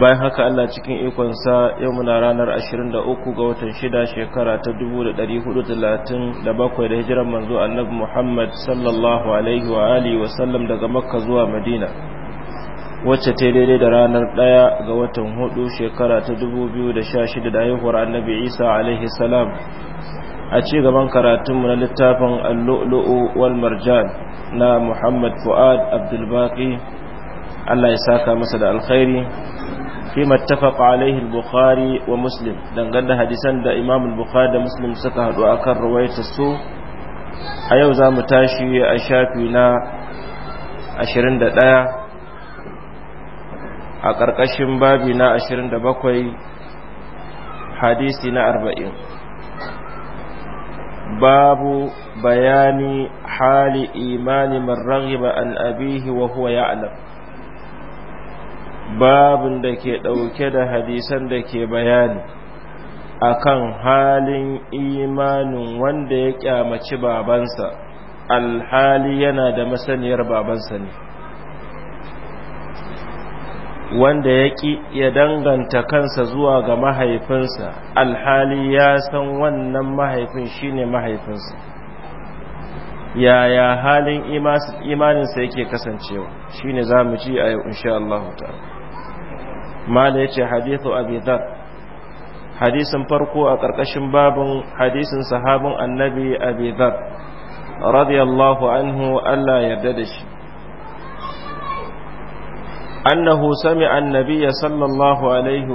bayan haka Allah cikin ikonsa yau muna ranar 23 ga watan 6 shekara ta 1437 da hijiran manzo annabi Muhammad sallallahu alaihi wa alihi wa sallam daga Makka zuwa Madina wacce ta daidai da ranar 1 ga watan 4 shekara ta 2016 da haihuwar annabi Isa alaihi salam a ci gaban karatunmu na littafin Al-Lu'lu'u wal Marjan na Muhammad Fuad Abdul Baqi Allah ya saka masa da alkhairi فيما اتفق عليه البخاري ومسلم دنگان حديثان دا امام البخاري da muslim suka hadu akan ruwaitar su a yau zamu tashi a shafi na 21 a ƙarƙashin babi na 27 hadisi na arba'in babu bayani hali imani man an abihi wa huwa ya'lam babin da ke ɗauke da hadisan da ke bayani a kan halin imanin wanda ya kyamaci babansa alhali yana da masaniyar babansa ne wanda ya ƙi ya danganta kansa zuwa ga mahaifinsa alhali ya san wannan mahaifin shine mahaifinsa yaya halin imaninsa yake kasancewa shine za mu ji a yau insha Allah ta'ala mala yace hadithu abi dhar hadisin farko a karkashin babun hadisin sahabin annabi abi dhar radiyallahu anhu Allah yarda da shi wa سمع النبي صلى الله عليه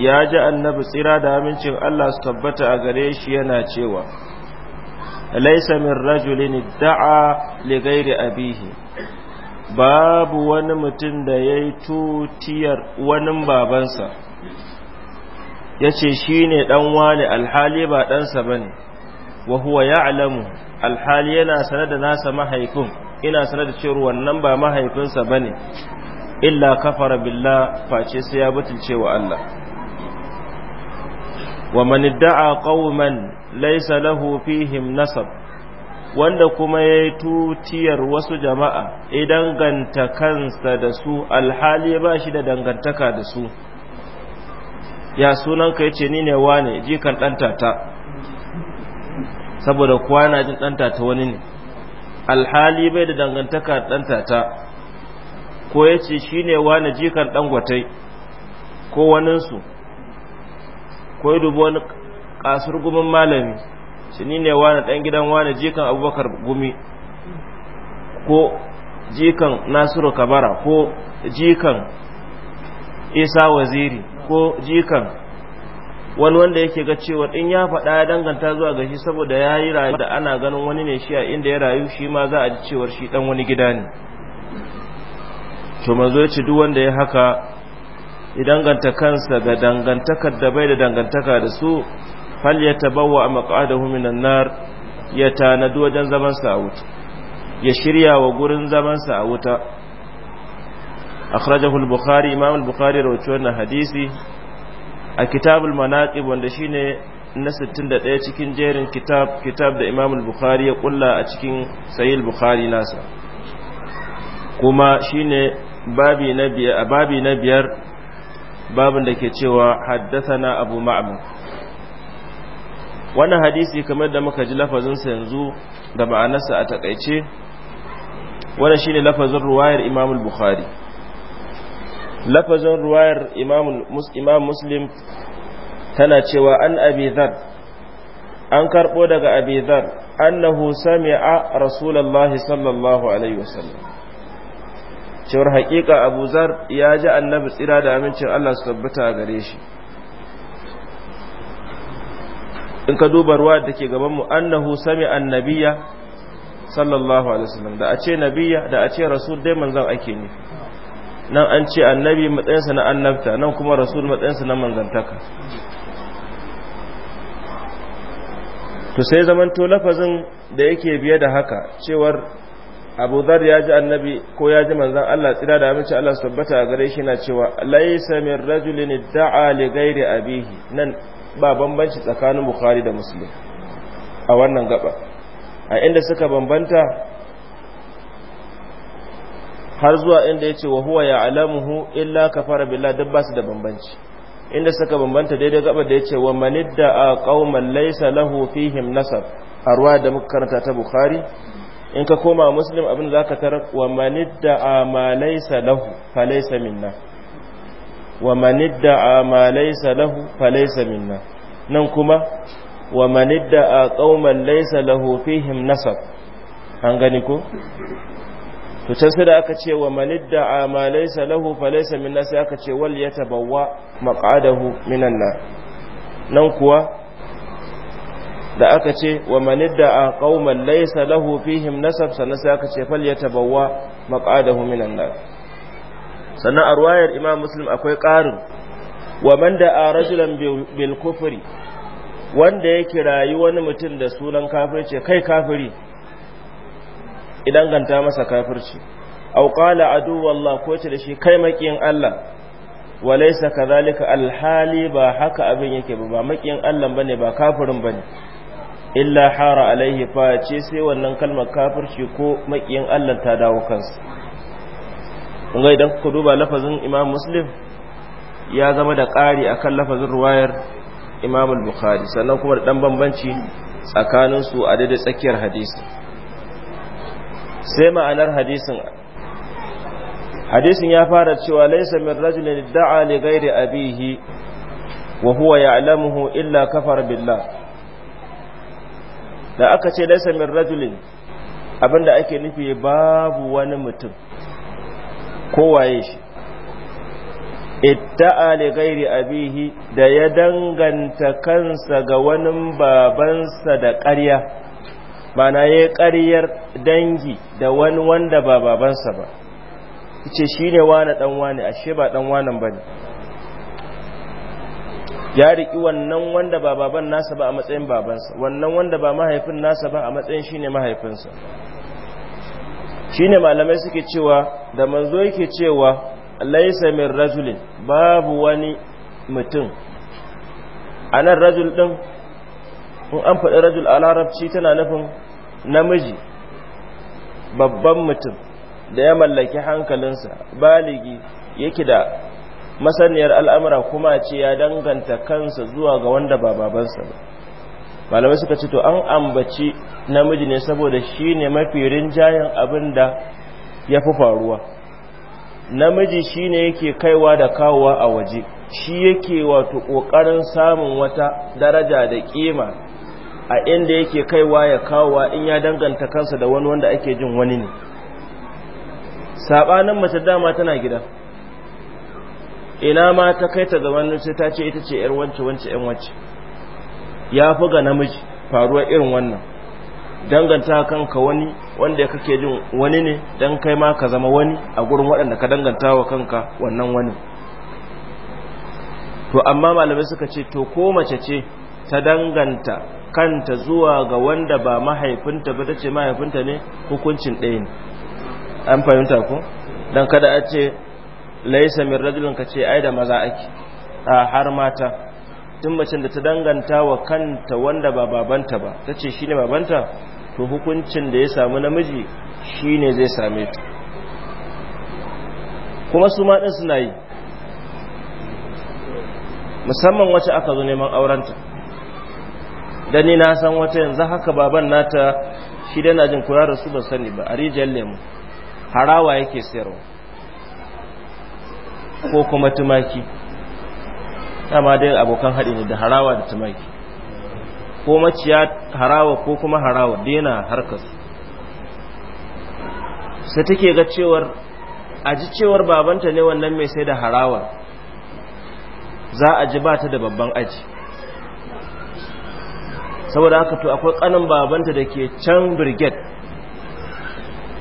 ya ji annabi tsira da amincin Allah su tabbata a gare shi yana cewa يناتشيوا min من رجل ادعى لغير أبيه babu wani mutum da ya yi tutiyar wani babansa ya ce shi ne ɗanwani alhali ba ɗansa ba ne wa huwa ya alamu alhali yana sanar da nasa mahaifin ina sanar da cewar wannan ba mahaifinsa ba ne illa kafara billa face sai ya butulce wa Allah wa man da'a qauman laysa lahu fihim nasab wanda kuma ya yi tutiyar wasu jama'a ya danganta kansa da su alhali ba shi da dangantaka da su ya sunan ka ce ni ne wane jikan ɗantata saboda kuwa na jin ɗantata wani ne alhali bai da dangantaka ɗantata ko ya ce shi ne wane jikan ɗangwatai ko waninsu ko ya dubu wani ƙasar gumin malami shi ni ne wani ɗan gidan wani jikan abubakar gumi ko jikan nasiru kabara ko jikan isa waziri ko jikan wani wanda yake ga cewa in ya faɗa ya danganta zuwa ga shi saboda ya yi rayu da ana ganin wani ne shi a inda ya rayu shi ma za a ji cewar shi ɗan wani gida ne to manzo wanda ya haka ya danganta kansa ga dangantakar da bai da dangantaka da su ya falyatabawwa maq'adahu minan nar ya tanadi wajen zaman a wuta ya shirya wa gurin zamansa a wuta a kharajahul bukhari imam al-bukhari rawaito wannan hadisi a kitabul manaqib wanda shine na 61 cikin jerin kitab kitab da imam al-bukhari ya kulla a cikin sahih bukhari nasa kuma shine babi na biyar babin da ke cewa haddasa na abu ma'mur wannan hadisi kamar da muka ji lafazinsa yanzu da ma'anarsa a takaice wannan shine lafazin ruwayar imamul bukhari lafazin ruwayar imamul Muslim tana cewa an Abi an karbo daga Abi Dharr annahu sami'a Rasulullahi sallallahu alaihi wasallam cewar haƙiƙa abuzar ya ji annabi tsira da amincin Allah su tabbata a gare shi in ka duba ruwa da ke gaban mu annahu sami annabiya sallallahu alaihi wasallam da a ce nabiya da a ce rasul dai manzon ake ne nan an ce annabi matsayinsa na annabta nan kuma rasul matsayinsa na manzantaka to sai to lafazin da yake biye da haka cewar abu zar ya ji annabi ko ya ji manzan Allah tsira da amince Allah su tabbata a gare shi na cewa laisa min rajulin da'a li ghairi abihi nan ba bambanci tsakanin bukhari da muslim a wannan gaba a inda suka bambanta har zuwa inda ya ce wa huwa ya alamuhu illa fara billah duk basu da bambanci inda suka bambanta daidai gaba da ya ce wa manidda a qauman laisa lahu fihim nasar a ruwa da muka karanta ta bukhari in ka koma muslim abin da ka tarar wa manidda a ma laisa lahu fa laysa minna wa manidda ma laysa lahu falaysa minna nan kuma wa manidda qauman laysa lahu fihim nasab an gani ko to can sai da aka ce wa manidda ma laysa lahu falaysa minna sai aka ce wal yatabawwa maqadahu minan nar nan kuwa da aka ce wa manidda a qauman laysa lahu fihim nasab sannan sai aka ce fal yatabawwa maqadahu minan nar sannan a ruwayar imam muslim akwai ƙarin wa man da a rajulan bil kufri wanda ya kirayi wani mutum da sunan kafirce kai kafiri idan ganta masa kafirci aw qala adu wallah ko ce da shi kai makiyin Allah walaysa kadhalika alhali ba haka abin yake ba ba makiyin Allah bane ba kafirin bane illa hara alaihi fa ce sai wannan kalmar kafirci ko makiyin Allah ta dawo kansa kun ga idan ku duba lafazin imam muslim ya zama da ƙari akan lafazin ruwayar imam al-bukhari sannan kuma da dan bambanci tsakaninsu a daidai tsakiyar hadisi sai ma'anar hadisin hadisin ya fara cewa laysa min rajulin da'a li ghairi abihi wa huwa ya'lamuhu illa kafara billah da aka ce laysa min rajulin abinda ake nufi babu wani mutum kowaye shi itta'a li ghairi abihi da ya danganta kansa ga wani babansa da ƙarya mana ya ƙaryar dangi da wani wanda ba babansa ba ce shi ne wane ɗan ashe ba dan wanan ba ne ya riƙi wannan wanda ba baban nasa ba a matsayin babansa wannan wanda ba mahaifin nasa ba a matsayin shi ne mahaifinsa shine malamai suke cewa da manzo yake cewa laisa min rajulin babu wani mutum anan rajul din in an faɗi rajul a larabci tana nufin namiji babban mutum da ya mallaki hankalinsa baligi yake da masaniyar al'amura kuma ce ya danganta kansa zuwa ga wanda ba babansa ba malamai suka ce to an ambaci namiji ne saboda shi ne mafi rinjayen abin da ya fi faruwa namiji shi ne yake kaiwa da kawowa a waje shi yake wato ƙoƙarin samun wata daraja da ƙima a inda yake kaiwa ya kawowa in ya danganta kansa da wani wanda ake jin wani ne saɓanin mace dama tana gida ina ma ta kai ta gabanin sai ta ce ita ce 'yar wance wance 'yan wance ya fi ga namiji faruwa irin wannan danganta kanka wani wanda kake jin wani ne dan kai ma ka zama wani a gurin waɗanda ka danganta wa kanka wannan wani to amma malamai suka ce to ko mace ce ta danganta kanta zuwa ga wanda ba mahaifinta ba ta ce mahaifinta ne hukuncin ɗaya ne an fahimta ko dan kada a ce laisa min rajulin ka ce ai da maza ake a har mata tun macen da ta danganta wa kanta wanda ba babanta ba ta ce shi ne babanta to hukuncin da ya samu namiji shi ne zai same ta kuma su maɗin suna yi musamman wacce aka zo neman aurenta da ni na san wata yanzu haka baban nata shi dana jin kura da su ba sani ba a rijiyar lemu harawa yake sayarwa ko kuma tumaki dama dai abokan haɗi ne da harawa da tumaki ko maciya harawa ko kuma harawa dena harkas sai take ga cewar a ji cewar babanta ne wannan mai sai da harawa za a ji ba ta da babban aji saboda haka to akwai kanin babanta da ke can birget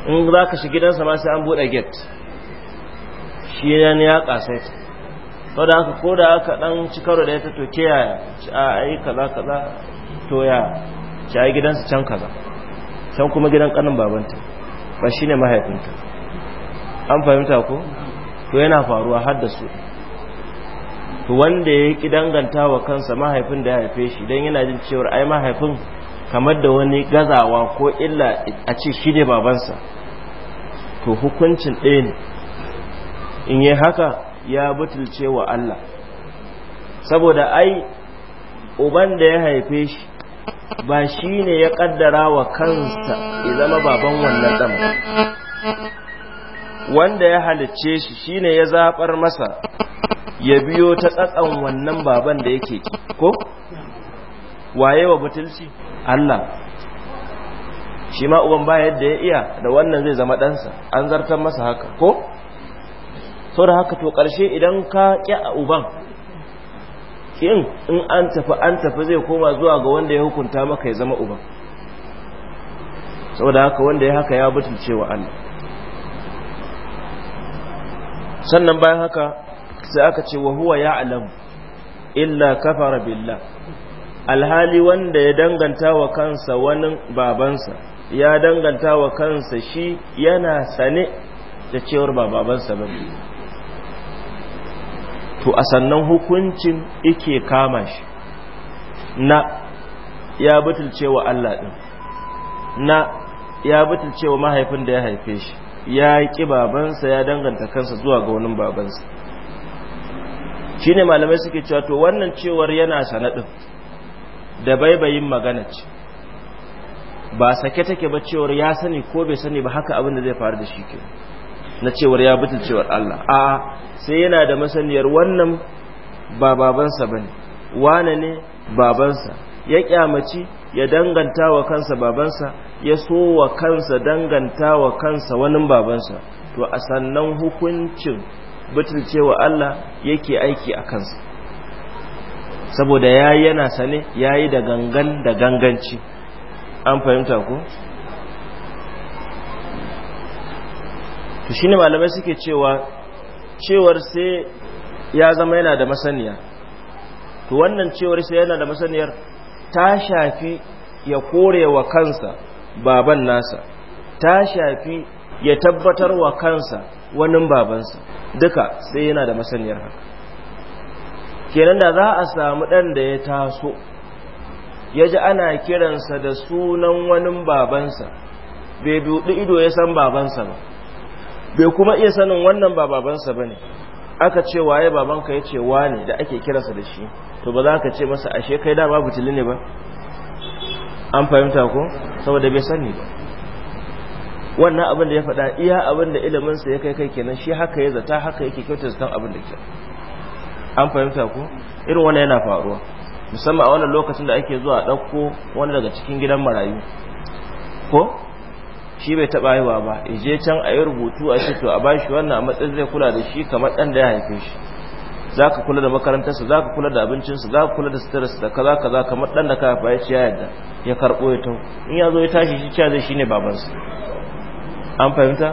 in za ka shi gidansa ma sai an buɗe get shi ya ya ƙasaita to da haka ko da aka dan ci karo da ita to ke yaya ci a ai kaza kaza to ya ci a gidansu can kaza can kuma gidan kanin babanta ba shine mahaifinta an fahimta ko to yana faruwa har da su to wanda ya ki danganta wa kansa mahaifin da ya haife shi dan yana jin cewa ai mahaifin kamar da wani gazawa ko illa a ce shi ne babansa to hukuncin ɗaya ne in yi haka ya butulce wa Allah saboda ai uban da ya haife shi ba shi ne ya kaddara wa kansa ya zama baban wannan ɗan wanda ya halicce shi shi ne ya zafar masa ya biyo ta tsatsan wannan baban da yake ko waye wa butulci Allah shi ma uban ba yadda ya iya da wannan zai zama ɗansa an zartar masa haka ko da haka to ƙarshe idan ka ƙi a uban kin in an tafi an tafi zai koma zuwa ga wanda ya hukunta maka ya zama uban saboda haka wanda ya haka ya butulce wa Allah sannan bayan haka sai aka ce wa huwa alamu illa kafara billah alhali wanda ya danganta wa kansa wani babansa ya danganta wa kansa shi yana sane da cewar ba babansa ba to a sannan hukuncin ike kama shi na ya butulce wa Allah ɗin na ya butulce wa mahaifin da ya haife shi ya ƙi babansa ya danganta kansa zuwa ga wani babansa shi ne malamai suke cewa to wannan cewar yana sanadin da baibayin magana ce ba sake take ba cewar ya sani ko bai sani ba haka abin da zai faru da shi ke. na cewar ya cewar Allah a sai yana da masaniyar wannan ba babansa ba ne wane ne babansa ya kyamaci ya danganta wa kansa babansa ya so wa kansa danganta wa kansa wani babansa to a sannan hukuncin cewa Allah yake aiki a kansa saboda ya yana sane yayi da gangan da ganganci an fahimta ku to shine malamai suke cewa cewar sai ya zama yana da masaniya to wannan cewar sai yana da masaniyar ta shafi ya kore wa kansa baban nasa ta shafi ya tabbatar wa kansa wani babansa duka sai yana da masaniyar haka kenan da za a samu ɗan da ya taso ya ji ana kiransa da sunan wani babansa bai buɗi ido ya san babansa ba bai kuma iya sanin wannan ba babansa bane aka ce waye babanka ya ce ne da ake kiransa da shi to ba za ka ce masa ashe kai da babu tili ne ba an fahimta ko saboda bai sani ba wannan abin da ya faɗa iya abin da iliminsa ya kai kai kenan shi haka ya zata haka yake kyauta kan abin da ke an fahimta ko irin wannan yana faruwa musamman a wannan lokacin da ake zuwa a ɗauko wani daga cikin gidan marayu ko shi bai taba haihuwa ba je can a yi rubutu a ce to a bashi wannan a matsayin zai kula da shi kamar dan da ya haife shi zaka kula da makarantarsa zaka kula da abincinsa zaka kula da sitarsa da kaza kaza kamar dan da ka haifa ya ce ya yarda ya karbo ya tau in ya zo ya tashi shi cewa zai shine babansa an fahimta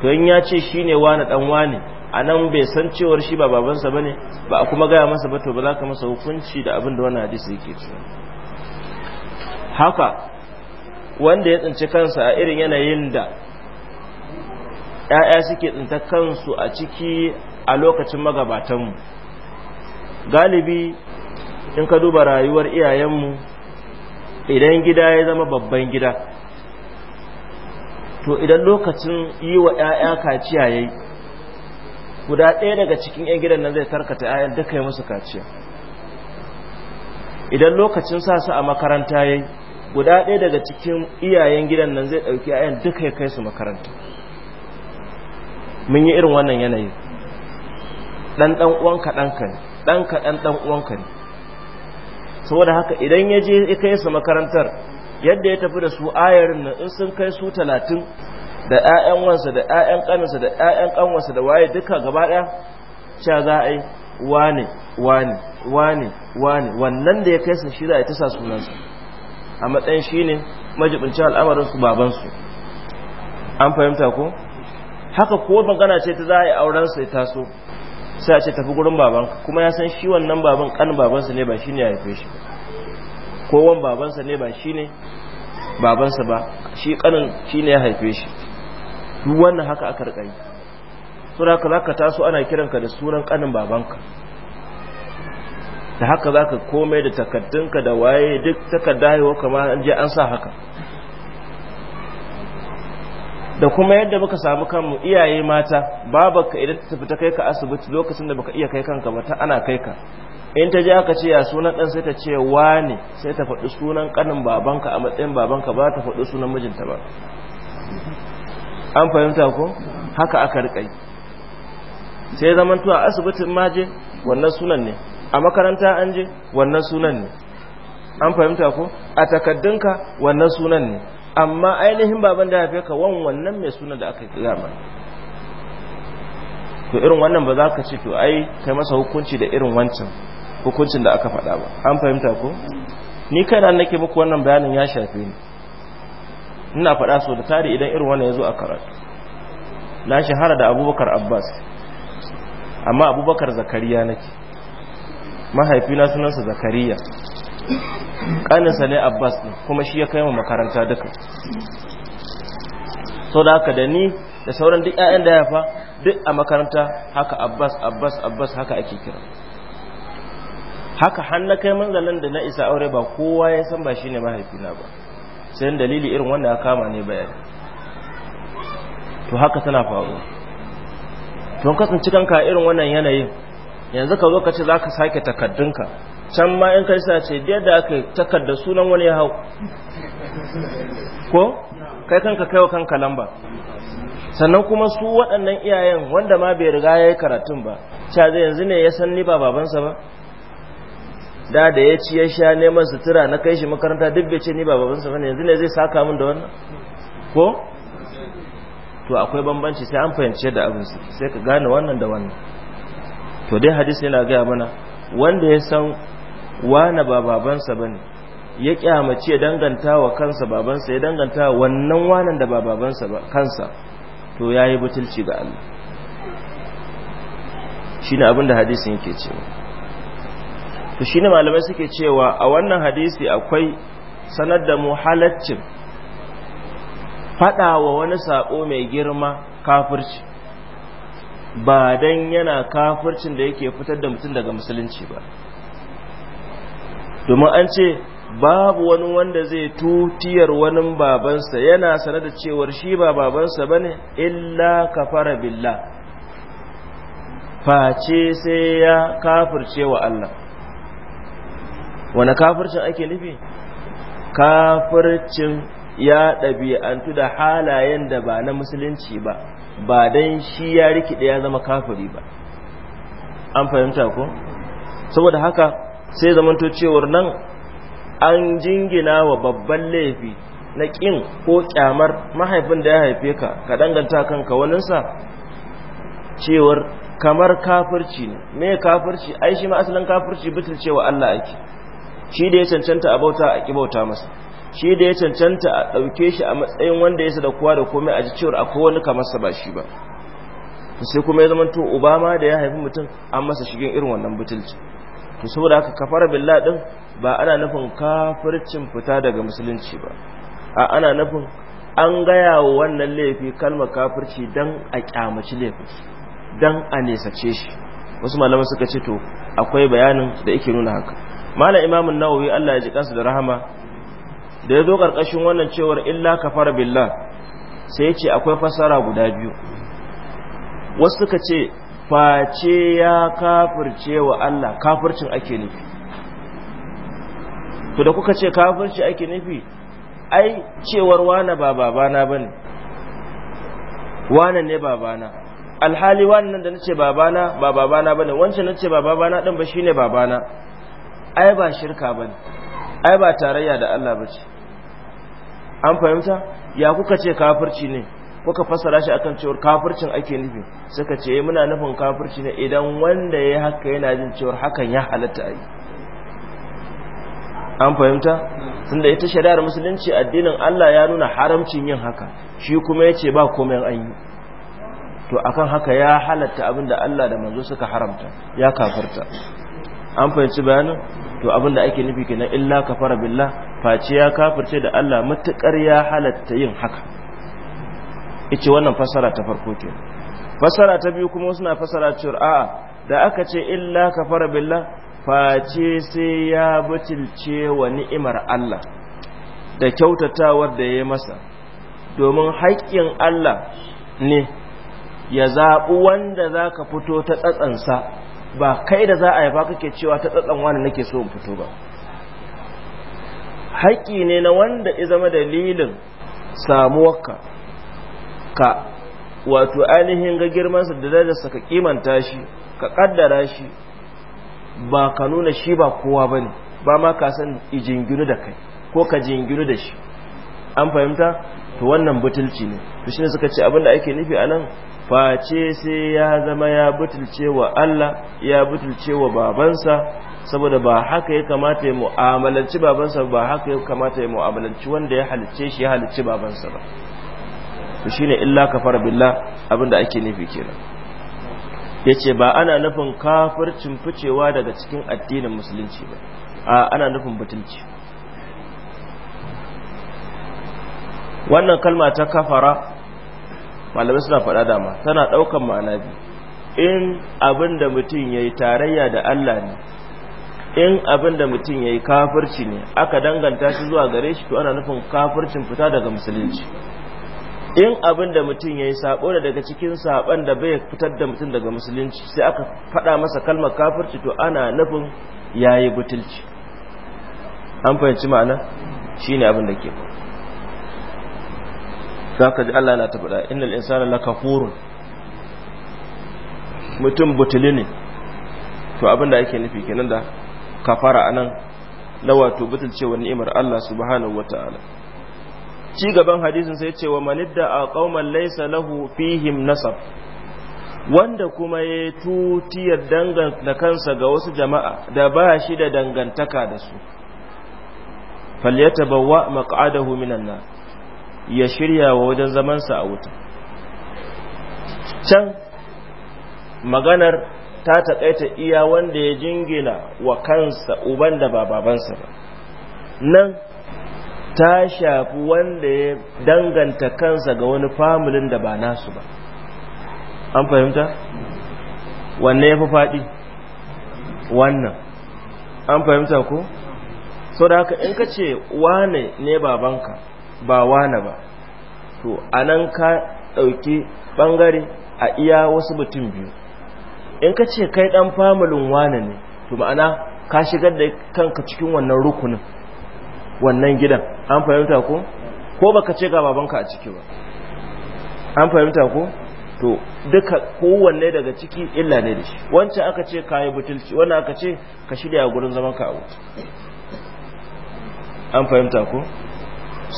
to in ya ce shine wani dan wani a nan bai san cewar shi ba babansa bane ba a kuma gaya masa ba to ba za ka masa hukunci da abin da wannan hadisi yake cewa haka wanda ya tsinci kansa a irin yanayin da ‘ya'ya suke tsinta kansu a ciki a lokacin magabatanmu galibi in ka duba rayuwar iyayenmu idan gida ya zama babban gida to idan lokacin yi wa ‘ya'ya kaciya ya yi guda ɗaya daga cikin ‘yan gidan nan zai tarkata ‘ya'yan duka yi musu kaciya idan lokacin sa su a makaranta ya yi guda ɗaya daga cikin iyayen gidan nan zai ɗauki yayan duka ya kai su makaranta mun yi irin wannan yanayi ɗan ɗan uwanka ɗanka ne ɗanka ɗan ɗan uwanka ne saboda haka idan ya je ya kai su makarantar yadda ya tafi da su ayarin nan in sun kai su talatin da ƴaƴan wansa da ƴaƴan ƙaninsa da ƴaƴan ƙanwansa da waye duka gaba ɗaya sha za a yi wane wane wane wane wannan da ya kai su shi za a yi ta sa sunansa a matsayin shine majibincin al'amarin su babansu an fahimta ko haka ko magana ce ta za a yi auren sai taso sai a ce tafi gurin baban kuma ya san shi wannan baban kan babansa ne ba shine ya haife shi ko wan babansa ne ba shine babansa ba shi kanin shine ya haife shi duk wannan haka aka rika yi saboda haka ka taso ana kiranka da suran kanin babanka ta haka za ka komai da takaddunka da waye duk takarda kama an je an sa haka da kuma yadda muka samu kanmu iyaye mata babarka idan ta tafi ta kai ka asibiti lokacin da baka iya kai kanka ba ta ana kai ka in ta je aka ce ya sunan ɗan sai ta ce wane sai ta faɗi sunan ƙanin babanka a matsayin babanka ba ta faɗi sunan mijinta ba an fahimta ko haka aka riƙai. sai zaman tuwa asibitin maje wannan sunan ne a makaranta an je wannan sunan ne an fahimta ko a takaddunka wannan sunan ne amma ainihin baban da haife ka wan wannan mai sunan da aka gaya ma to irin wannan ba za ka ce to ai kai masa hukunci da irin wancan hukuncin da aka faɗa ba an fahimta ko ni kaina nake muku wannan bayanin ya shafe ni ina faɗa so da tare idan irin wannan ya zo a karatu na shahara da abubakar abbas amma abubakar zakariya nake mahaifina sunansa zakariya ƙaninsa ne abbas kuma shi ya kai mu makaranta duka so da haka da ni da sauran duk 'ya'yan da ya fa duk a makaranta haka abbas abbas abbas haka ake kira haka hannu kai manzalin da na isa aure ba kowa ya san ba shi ne mahaifina ba sai dalili irin wanda ya kama ne bayan to haka tana faru tun kasance kanka irin wannan yanayin yanzu ka zo ka ce za ka sake takaddunka can ma in kai sa ce da yadda aka takardar sunan wani ya hau ko kai kanka kaiwa kanka lamba sannan kuma su waɗannan iyayen wanda ma bai riga ya yi karatun ba cha zai yanzu ne ya san ni ba babansa ba da da ya ci ya sha neman sutura na kai shi makaranta duk bai ce ni ba babansa ba ne yanzu ne zai saka min da wannan ko to akwai bambanci sai an fahimci da abin su sai ka gane wannan da wannan to dai hadisi yana gaya mana wanda ya san wane ba babansa bane ya kyamace ya danganta wa kansa babansa ya danganta wannan wanan da ba babansa ba kansa to yayi butulci ga Allah shi abin da hadisi yake cewa to shi ne malamai suke cewa a wannan hadisi akwai sanar da mu halaccin fada wa wani sako mai girma kafirci ba dan yana kafircin da yake fitar da mutum daga musulunci ba domin an ce babu wani wanda zai tutiyar wani babansa yana sane da cewar shi ba babansa bane illa kafara billa. face sai ya kafirce wa Allah wani kafircin ake nufi kafircin ya ɗabi'antu da halayen da ba na musulunci ba ba dan shi ya rikide ya zama kafiri ba an fahimta ko saboda haka sai zamanto cewar nan an jingina wa babban laifi na ƙin ko ƙyamar mahaifin da ya haife ka ka danganta kanka waninsa cewar kamar kafirci ne me kafirci ai shi ma asalin kafirci bitul cewa Allah ake shi da ya cancanta a bauta a ƙi bauta masa shi da ya cancanta a ɗauke shi a matsayin wanda ya da kowa da komai a ji cewar akwai wani kamar sa ba shi ba sai kuma ya zama to obama da ya haifi mutum an masa shigin irin wannan butulci to saboda haka kafara billa ɗin ba ana nufin kafircin fita daga musulunci ba a ana nufin an gaya wa wannan laifi kalmar kafirci don a kyamaci laifin Don a nesace shi wasu malaman suka ce to akwai bayanin da yake nuna haka malam imamun nawawi Allah ya ji kansa da rahama da ya zo ƙarƙashin wannan cewar illa kafar billah sai ya ce akwai fasara guda biyu wasu suka ce face ya kafirce wa Allah kafircin ake nufi to da kuka ce kafirci ake nufi ai cewar wane ba babana ba ne wane ne babana alhali wannan da na ce babana ba babana ba ne wancan na ce ba babana ɗin ba shi ne babana ai ba shirka ba ne ai ba tarayya da Allah ba ce an fahimta ya kuka ce kafirci ne kuka fassara shi akan cewar kafircin ake nufi suka ce eh, muna nufin kafirci ne idan wanda ya haka yana jin cewar hakan ya halatta ai an fahimta tunda ita shari'ar musulunci addinin Allah ya nuna haramcin yin haka shi kuma yace ba komai an yi to akan haka ya halatta abinda Allah da manzo suka haramta ya kafirta an fahimci bayanin to abinda ake nufi kenan illa kafara billah face ya kafirce da Allah matukar ya halatta yin haka yace wannan fasara ta farko ce fasara ta biyu kuma suna fasara cewa a'a da aka ce illa kafara billah face sai ya butulce wa ni'imar Allah da kyautatawar da ya masa domin haƙƙin Allah ne ya zaɓi wanda za ka fito ta tsatsansa ba kai da za a yaba kake cewa ta tsatsan wani nake so in fito ba haƙƙi ne na wanda ya zama dalilin samuwarka ka wato ainihin ga girmansa da darajarsa ka kimanta shi ka kaddara shi ba ka nuna shi ba kowa ba ne ba ma ka san jinginu da kai ko ka jingiru da shi an fahimta to wannan butulci ne to shine suka ce abinda ake nufi anan. face sai ya zama ya butulce wa Allah ya butulce wa babansa saboda ba haka ya kamata ya mu'amalanci babansa ba haka ya kamata ya mu'amalanci wanda ya halicce shi ya halice babansa ba to shine illa kafara billah abinda ake nufi kenan yace ba ana nufin kafircin ficewa daga cikin addinin musulunci ba a ana nufin butulci wannan kalma ta kafara malamai suna faɗa dama tana ɗaukan ma'ana biyu in abin da mutum ya yi tarayya da Allah ne in abin da mutum ya yi kafirci ne aka danganta shi zuwa gare shi to ana nufin kafircin fita daga musulunci in abin da mutum ya yi saɓo da daga cikin saban da bai fitar da mutum daga musulunci sai aka faɗa masa kalmar kafirci to ana nufin ya yi butulci an fahimci ma'ana shi ne abin da ke zaka ji Allah na ta faɗa innal insana lakafurun mutum butuli ne to abin da ake nufi kenan da kafara anan na wato butulcewar ni'imar Allah subhanahu wataala ci gaban hadisin sai cewa manidda a qauman laysa lahu fihim nasab wanda kuma ya tutiyar danganta kansa ga wasu jama'a da ba shi da dangantaka da su falyatabawa maq'adahu minan nar ya shirya wa wajen zamansa a wuta can maganar ta taƙaita iya wanda ya jingina wa kansa uban da ba babansa ba nan ta shafi wanda ya danganta kansa ga wani familin da ba nasu ba an fahimta wanne ya fi faɗi wannan an fahimta ko? sau da haka in ka ce wane ne babanka ba wane ba to a nan ka ɗauki ɓangare a iya wasu mutum biyu in ka ce kai ɗan famulin wane ne to ma'ana ka shigar da kanka cikin wannan rukunin wannan gidan an fahimta ko ba ka ce ga babanka a ciki ba an fahimta ko to duka kowanne daga ciki illa ne da shi wancan aka ce kayi butulci wannan aka ce ka shirya gurin zaman ka a wuce an fahimta ko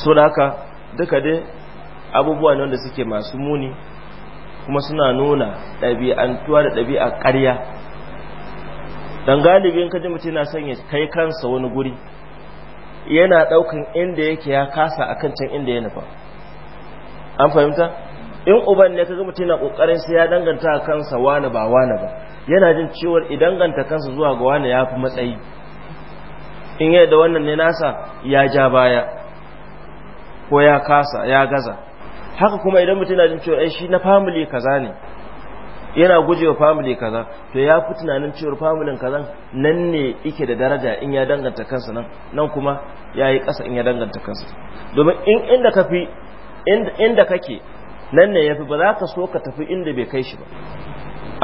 suna haka duka dai abubuwa ne wanda suke masu muni kuma suna nuna ɗabi'antuwa da ɗabi'a ƙarya don galibin kaji mutum na sanya kai kansa wani guri yana ɗaukan inda yake ya kasa a kan can inda ya nufa an fahimta in uban ne kaji mutum na ƙoƙarin sai ya danganta a kansa wani ba wani ba yana jin ciwon idan ganta kansa zuwa ga wani ya fi matsayi in yadda wannan ne nasa ya ja baya ko ya kasa ya gaza haka kuma idan mutum yana jin cewa ai shi na family kaza ne yana gujewa family kaza to ya fi tunanin cewa familin kaza nan ne yake da daraja in ya danganta kansa nan nan kuma ya yi ƙasa in ya danganta kansa domin in inda ka fi inda kake nan ne ya fi ba za ka so ka tafi inda bai kai shi ba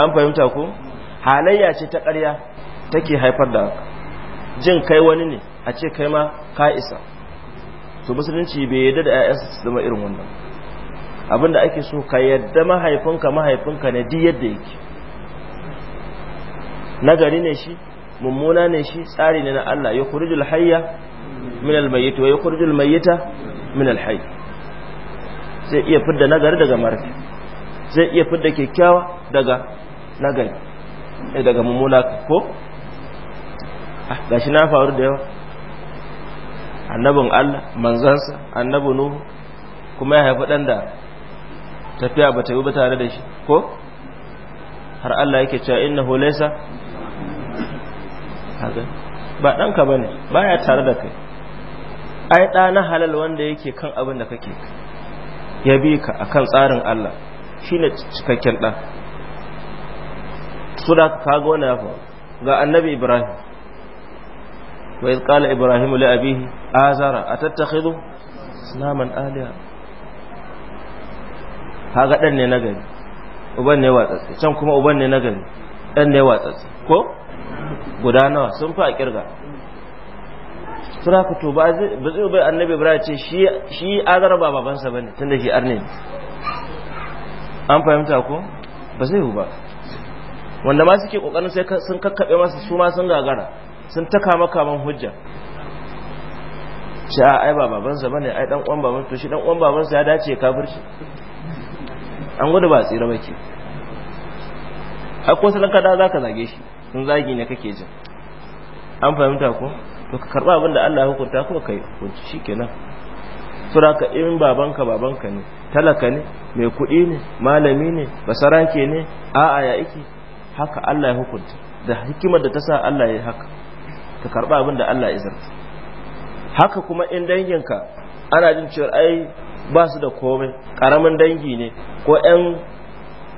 an fahimta ko halayya ce ta ƙarya take haifar da jin kai wani ne a ce kai ma ka isa to musulunci bai yadda da ayyansa su zama irin wannan abinda ake so ka yadda mahaifinka mahaifinka ne di yadda yake nagari ne shi mummuna ne shi tsari ne na Allah ya kurjul hayya min almayyit wa ya kurjul mayyita min alhayy zai iya fidda nagari daga marfi zai iya fidda kyakkyawa daga nagari eh, daga mummuna ko ah, gashi na faru da yawa annabin Allah manzansa annabi Nuhu kuma ya haifi dan da tafiya ba ta yi ba tare da shi ko har Allah yake cewa innahu laysa haka ba danka bane baya tare da kai ai da na halal wanda yake kan abin da kake ya bi ka akan tsarin Allah shine cikakken da su da kaga wannan ya ga annabi Ibrahim wa idh qala ibrahimu li abihi azara atattakhidhu naman aliya kaga dan ne nagari uban ne watsatsi can kuma uban ne nagari dan ne watsatsi ko guda nawa sun fi a kirga Suna to ba zai bai annabi ibrahim ce shi shi azara ba sa bane tunda shi arne an fahimta ko ba zai ba wanda ma suke kokarin sai sun kakkabe masa su ma sun gagara sun ta kama kaman hujja ce a ai ba babansa bane ai dan uwan babansa to shi dan uwan babansa ya dace kafirci an gudu ba tsira ke ai ko da kada zaka zage shi sun zagi ne kake jin an fahimta ko to ka karba abin da Allah ya hukunta ko kai hukunci shikenan suraka in babanka babanka ne talaka ne mai kuɗi ne malami ne basarake ne a'a ya iki haka Allah ya hukunta da hikimar da ta sa Allah ya haka ka karba abin da Allah ya zarta haka kuma in danginka ana jin cewa ai ba su da komai karamin dangi ne ko ƴan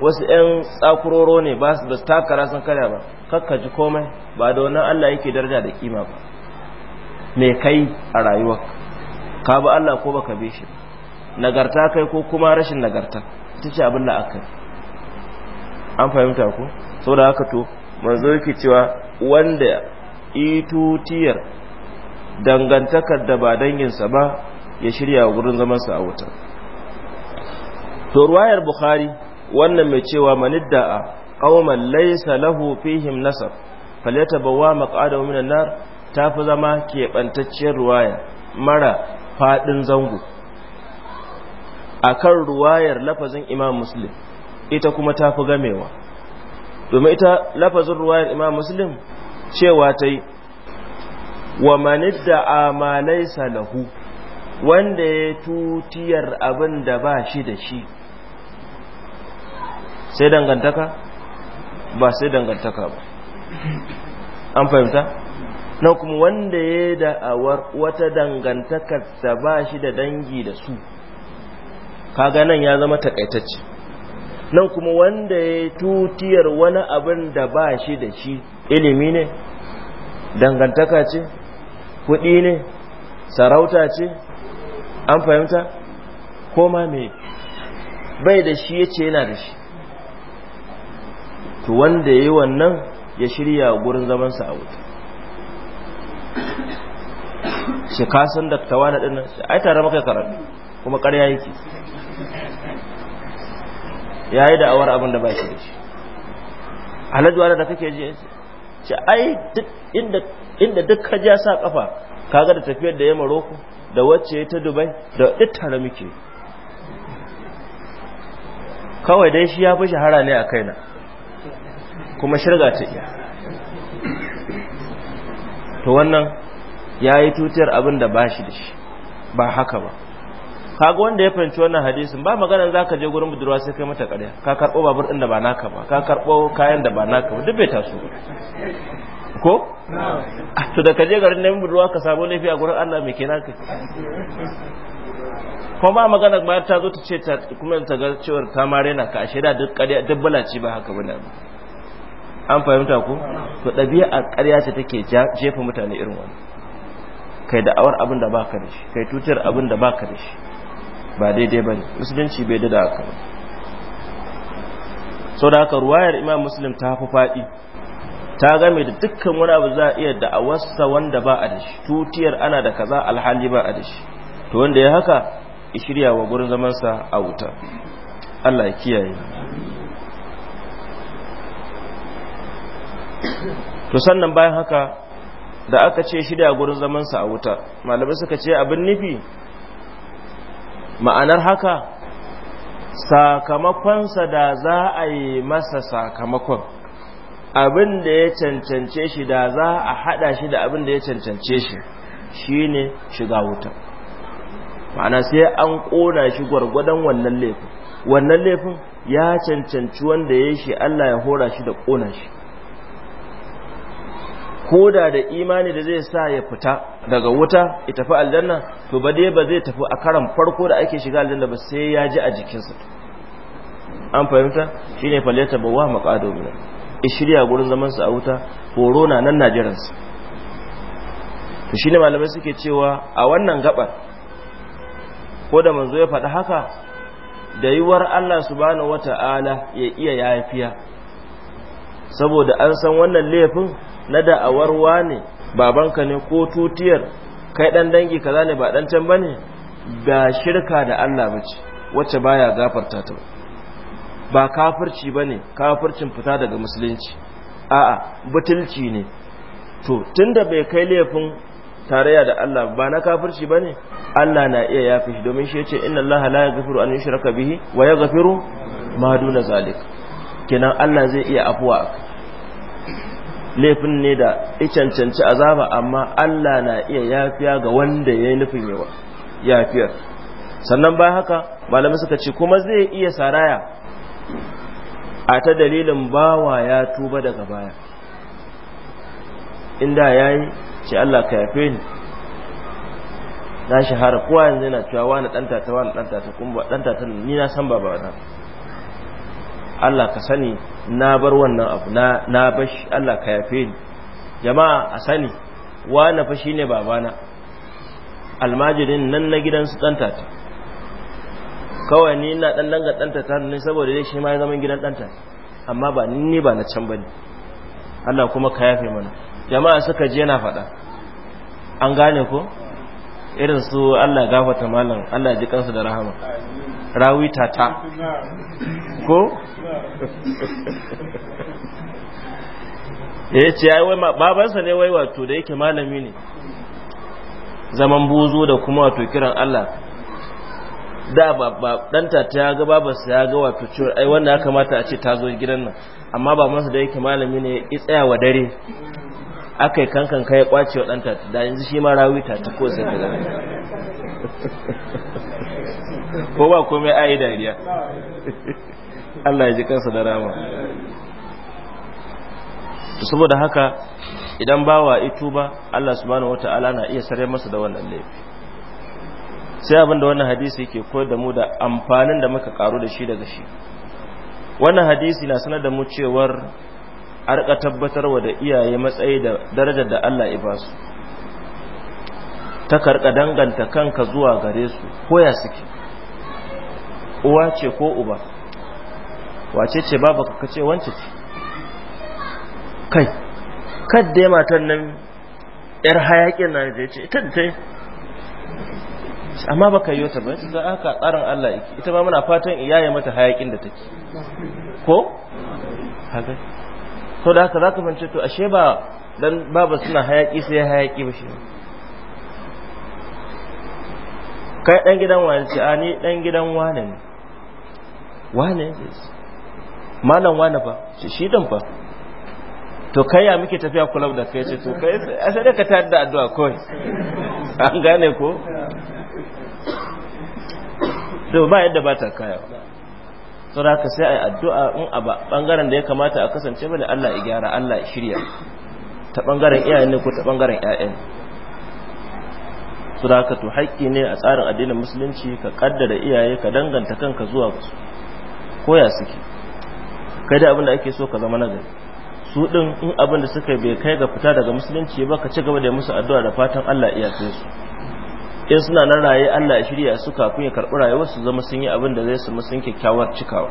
wasu ƴan tsakuroro ne ba su da takara sun kada ba kakka ji komai ba da wannan Allah yake daraja da kima ba me kai a rayuwa ka bi Allah ko baka bi shi nagarta kai ko kuma rashin nagarta ita ce abin da aka an fahimta ko saboda haka to manzo yake cewa wanda itutiyar dangantakar da ba danginsa ba ya shirya wurin zamansa a wuta to ruwayar bukhari wannan mai cewa manidda qauman laysa lahu fihim nasab falyatabawwa maq'adahu minan nar fi zama keɓantacciyar ruwaya mara faɗin zango kan ruwayar lafazin imam muslim ita kuma ta fi gamewa domin ita lafazin ruwayar imam muslim cewa ta yi wa manidda amalai salahu wanda ya tutiyar abin da ba shi da shi sai dangantaka ba sai dangantaka ba an fahimta na kuma wanda ya da'awar wata dangantakar da ba shi da dangi da su kaga nan ya zama takaitacce nan kuma wanda ya tutiyar wani abin da ba shi da shi ilimi ne dangantaka ce kuɗi ne sarauta ce an fahimta koma me bai da shi ya ce yana da shi to wanda ya yi wannan ya shirya gurin zamansa a wuta shi kasan da tawa na shi ai tare maka karatu kuma ƙarya yake ya yi awar abin da ba shi da shi alhaji da kake ji ce ai inda inda duk ka ja sa kafa kaga da tafiyar da ya maroko da wacce ta Dubai da duk tare muke kawai dai shi ya fi shahara ne a kaina kuma shirga ta iya to wannan yayi yi tutiyar abin da bashi da shi ba haka ba kaga wanda ya fahimci wannan hadisin ba magana zaka je gurin budurwa sai kai mata ƙarya ka karɓo babur ɗin da ba naka ba ka karɓo kayan da ba naka ba duk bai taso ko to da ka je garin neman budurwa ka samu laifi a gurin Allah mai kenan kai ko ba magana ba ta zo ta ce ta kuma ta ga cewar ta mare na ka ashe da duk ƙarya duk balaci ba haka bane an fahimta ko to ɗabi'a ƙarya ce take jefa mutane irin wannan kai da'awar abin da baka da shi kai tutar abin da baka da shi ba daidai ba ne musulunci bai a kan. sau da haka ruwayar imam muslim ta fi faɗi ta game da dukkan wani abu za a iya da'awarsa wanda ba a da shi tutiyar ana da kaza alhali ba a da shi to wanda ya haka ya shirya wa gurin zamansa a wuta Allah ya kiyaye to sannan bayan haka da aka ce shirya gurin zamansa a wuta malamai suka ce abin nufi ma'anar haka sakamakonsa da za a yi masa sakamakon abin da ya cancance shi da za a hada shi da abin da ya cancance shi shine shiga wuta ma'ana sai an kona shi gwargwadon wannan laifin wannan laifin ya cancanci wanda ya shi Allah ya hora shi da kona shi koda da imani da zai sa ya fita daga wuta ya tafi aljanna to ba dai ba zai tafi a karan farko da ake shiga aljanna ba sai ya ji a jikinsa an fahimta shine falyata bawa maqado bin shirya gurin zaman sa a wuta horo na nan najiran sa to shine malamai suke cewa a wannan gabar ko da manzo ya faɗi haka da yiwar Allah su subhanahu wata'ala ya iya yafiya saboda an san wannan laifin na da'awar wane babanka ne ko tutiyar kai dan dangi kaza ne ba dan can bane ba shirka da Allah bace wacce baya gafarta ta ba kafirci bane kafircin fita daga musulunci a'a butulci ne to tunda bai kai laifin tarayya da Allah ba na kafirci bane Allah na iya yafi shi domin shi yace inna Allah la yaghfiru an yushraka bihi wa yaghfiru ma duna zalik kenan Allah zai iya afuwa laifin ne da ya cancanci azaba amma Allah na iya yafiya ga wanda ya yi nufin yawa yafiyar sannan ba haka malamai suka ce kuma zai iya saraya a ta dalilin bawa ya tuba daga baya inda ya yi ce Allah ka yafe ni na shahara kowa yanzu yana cewa wani ɗanta ta wani ɗanta ta kuma ɗanta ta ni na san ba ba Allah ka sani na bar wannan abu na na bashi Allah ka yafe ni jama'a a sani wa na fa shine babana almajirin nan na gidan danta ta kawai ni ina dan danga ta ne saboda dai shi ma ya zama gidan danta amma ba ni ba na can bane Allah kuma ka yafe mana jama'a suka je na faɗa an gane ko irin su Allah gafarta malam Allah ji kansu da rahama rawi tata ko ya ce ya wai babansa ne wai wato da yake malami ne zaman buzo da kuma wato kiran Allah da ba ɗanta ta ya ga babansa ya ga wato cewa ai wanda ya kamata a ce ta zo gidan nan amma ba masa da yake malami ne ya tsaya wa dare aka yi kankan kai ya kwace wa ɗanta da yanzu shi ma rawi ta ko sai ka gani ko ba komai ayi dariya Allah ya ji kansa da rama to saboda haka idan bawa ba, Allah subhanahu wataala na iya sare masa da wannan laifi sai abinda wannan hadisi yake koyar da mu da amfanin da muka karu da shi daga shi wannan hadisi na sanar da mu cewar arka tabbatarwa da iyaye matsayi da darajar da Allah ya basu ta karka danganta kanka zuwa gare su koya suke uwa ce ko uba wace ce babu ka ce wance ce kai kadda ya matan nan yar hayakin na da ya ce ita da ta yi amma baka yi wata ba za a ka tsarin Allah yake ita ba muna fatan iyaye mata hayakin da take ko haka to da haka zaka fance to ashe ba dan baba suna hayaki sai hayaki ba shi kai dan gidan wani ce a ni dan gidan wani ne wane malam wane ba shi din fa to kai ya muke tafiya kulab da kai ce to kai sai ka tayar da addu'a kawai an gane ko to ba yadda ba ta kaya da ka sai ai addu'a in a bangaren da ya kamata a kasance bane Allah ya gyara Allah ya shirya ta bangaren iyayen ne ko ta bangaren ƴaƴan saboda haka to haƙƙi ne a tsarin addinin musulunci ka kaddara iyaye ka danganta kanka zuwa koya suke kai da abin da ake so ka zama na gari su din in abin da suka bai kai ga fita daga musulunci ba ka ci gaba da musu addu'a da fatan Allah iya kai su in suna nan raye Allah ya shirya su kafin ya karɓi rayuwar su zama sun yi abin da zai su musun kyakkyawar cikawa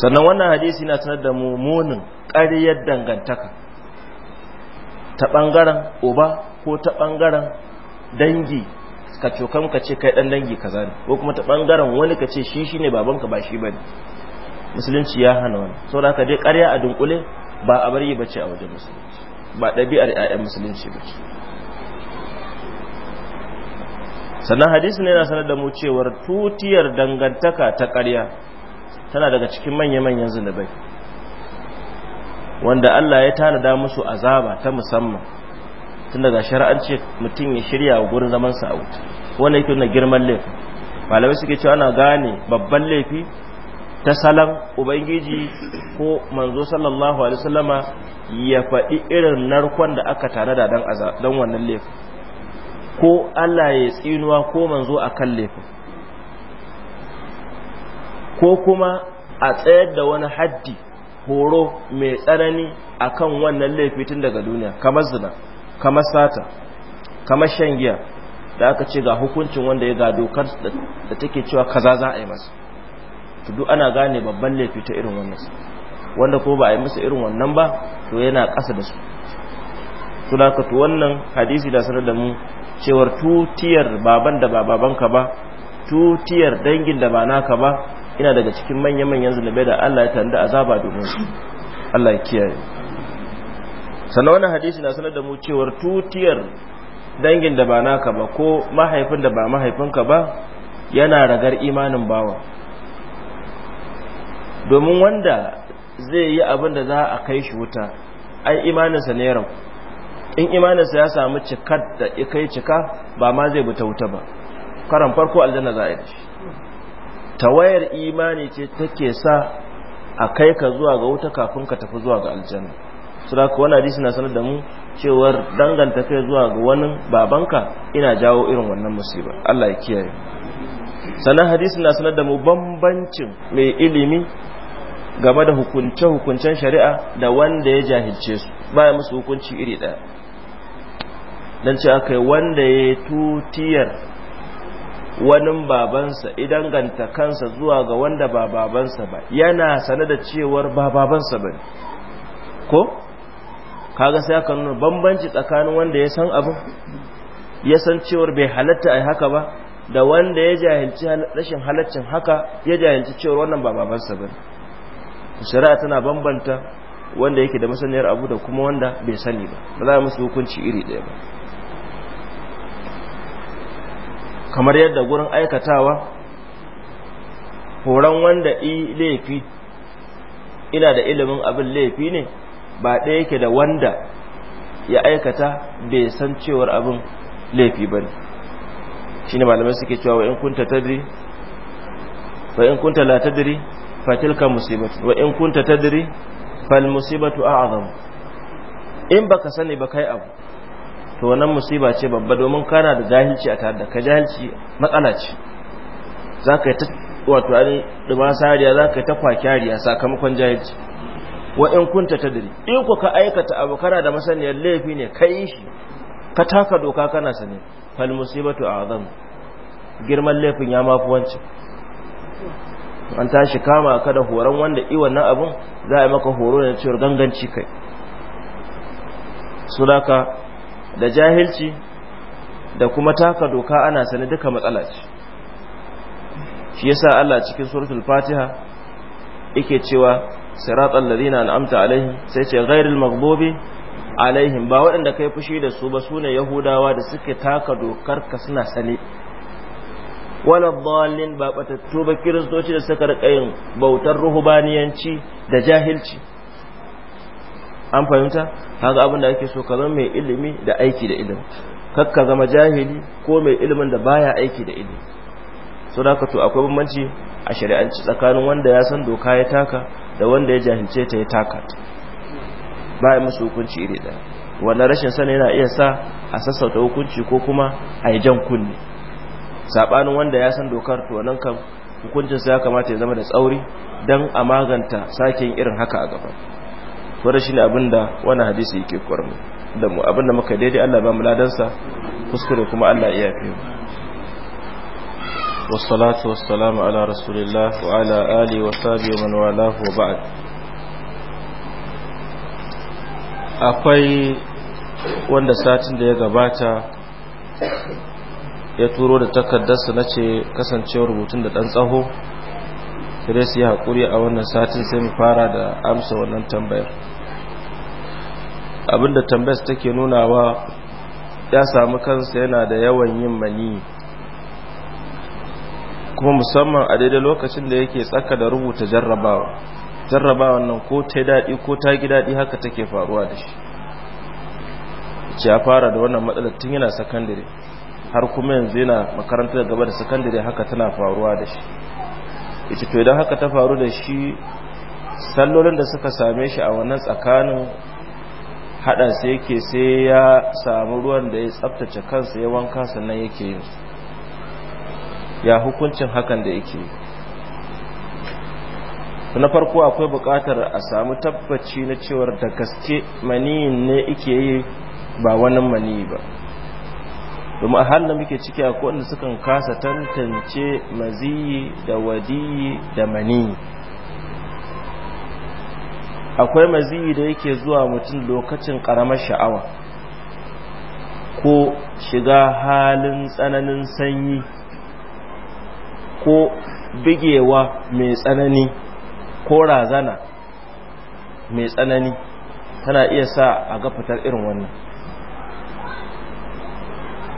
sannan wannan hadisi yana sanar da mu munin ƙaryar dangantaka ta ɓangaren uba ko ta ɓangaren dangi ka cokan ka ce kai dan dangi kaza ne ko kuma ta bangaren wani ka ce shi shine babanka ba shi bane musulunci ya hana wani saboda ka dai ƙarya a dunkule ba a bari bace a wajen musulunci ba ɗabi'ar ƴaƴan musulunci ba sannan hadisi ne yana sanar da mu cewar tutiyar dangantaka ta ƙarya tana daga cikin manya-manyan zunubai wanda Allah ya tanada musu azaba ta musamman tun daga shari'ance mutum ya shirya wa gurin zaman sa a wuta yake na girman laifi malamai suke cewa ana gane babban laifi ta salon ubangiji ko manzo sallallahu alaihi wasallama ya faɗi irin narkon da aka tanada dan dan wannan laifi ko Allah ya tsinuwa ko manzo akan laifin ko kuma a tsayar da wani haddi horo mai tsanani akan wannan laifi tun daga duniya kamar zina kamar sata kamar shan giya da aka ce ga hukuncin wanda ya ga dokar da take cewa kaza za a yi masa to duk ana gane babban laifi ta irin wannan wanda ko ba a yi masa irin wannan ba to yana ƙasa da su tunaka to wannan hadisi da sanar da mu cewar tutiyar baban da ba babanka ba tutiyar dangin da ba naka ba ina daga cikin manya-manyan zulubai da Allah ya tanda azaba domin Allah ya kiyaye sannan wannan hadisi na sanar da mu cewar tutiyar dangin da ba naka ba ko mahaifin da ba mahaifinka ba yana ragar imanin bawa domin wanda zai yi abin da za a kai shi wuta ai imaninsa ne rau in imaninsa ya samu cikar da kai cika ba ma zai buta wuta ba karan farko aljanna za a yi shi tawayar imani ce take sa a kai ka zuwa ga wuta kafin ka tafi zuwa ga aljanna su da wani hadisi na sanar da mu cewar danganta kai zuwa ga wani babanka ina jawo irin wannan musiba Allah ya kiyaye Sanan hadisi na sanar da mu bambancin mai ilimi game da hukunce-hukuncen shari'a da wanda ya jahilce su baya musu hukunci iri ɗaya don ce aka wanda ya tutiyar wani babansa idan ganta kansa zuwa ga wanda ba babansa ba yana sanar da cewar ba babansa ba ko kaga sai aka nuna bambanci tsakanin wanda ya san abu ya san cewar bai halatta a haka ba da wanda ya jahilci rashin halaccin haka ya jahilci cewar wannan ba babansa ba shari'a tana bambanta wanda yake da masaniyar abu da kuma wanda bai sani ba ba za a musu hukunci iri ɗaya ba kamar yadda gurin aikatawa horon wanda i laifi ina da ilimin abin laifi ne ba ɗaya yake da wanda ya aikata bai san cewar abin laifi ba ne shi ne malamai suke cewa wa'in kunta tadiri wa'in kunta la tadiri fatilka musibatu wa'in kunta tadiri fal musibatu a azamu in baka sani ba kai abu to wannan musiba ce babba domin kana da jahilci a tare da ka jahilci matsala ce za ka yi ta wato an ɗuma sariya za ka yi ta kwakyariya sakamakon jahilci wa in kunta tadri in ku ka aikata abu kana da masaniyar laifi ne kai shi ka taka doka kana sane fal musibatu azam girman laifin ya mafi wancan an tashi kama ka da horon wanda i wannan abun za a maka horo da cewar ganganci kai sulaka da jahilci da kuma taka doka ana sane duka matsala ce shi yasa Allah cikin suratul Fatiha yake cewa sirat ladina an'amta alaihim sai ce ghairil maghdubi alaihim ba waɗanda kai fushi da su ba sune yahudawa da suke taka dokar ka suna sale wala dhallin ba batattu ba kiristoci da suka rika yin bautar ruhubaniyanci da jahilci an fahimta kaga abin da ake so ka zama mai ilimi da aiki da ilimi kakka zama jahili ko mai ilimin da baya aiki da ilimi saboda da to akwai bambanci a shari'anci tsakanin wanda ya san doka ya taka da wanda ya jahilce ta ya takat. ta ba ya musu hukunci iri ɗaya wannan rashin sani yana iya sa a sassauta hukunci ko kuma a yi jan kunne saɓanin wanda ya san dokar to nan kan hukuncinsa ya kamata ya zama da tsauri don a maganta sake irin haka a gaba wadda shi ne abinda wani hadisi yake kwarmu da mu abinda muka daidai allah ba mu ladansa kuskure kuma allah iya fi والصلاة والسلام على رسول الله وعلى آله وصحبه ومن والاه وبعد akwai wanda satin da ya gabata ya turo da takardarsa na ce kasancewar rubutun da ɗan tsaho sai su yi haƙuri a wannan satin sai mu fara da amsa wannan tambayar abinda tambayar take nunawa ya samu kansa yana da yawan yin mani kuma musamman a daidai lokacin da yake tsaka da rubuta jarrabawa jarrabawa nan ko ta daɗi ko ta gi daɗi haka take faruwa da shi ce ya fara da wannan matsalar tun yana sakandare har kuma yanzu yana makarantar gaba da sakandare haka tana faruwa da shi ita to idan haka ta faru da shi sallolin da suka same shi a wannan tsakanin haɗa sai yake sai ya samu ruwan da ya tsaftace kansa ya wanka sannan yake yin su ya hukuncin hakan da yake na farko akwai buƙatar a samu tabbaci na cewar da gaske maniyin ne ike yi ba wani mani ba domin a halin muke ciki a kowanne sukan kasa tantance maziyi da wadiyi da mani. akwai maziyi da yake zuwa mutum lokacin karamar sha'awa ko shiga halin tsananin sanyi ko bigewa mai tsanani ko razana mai tsanani tana iya sa a ga fitar irin wannan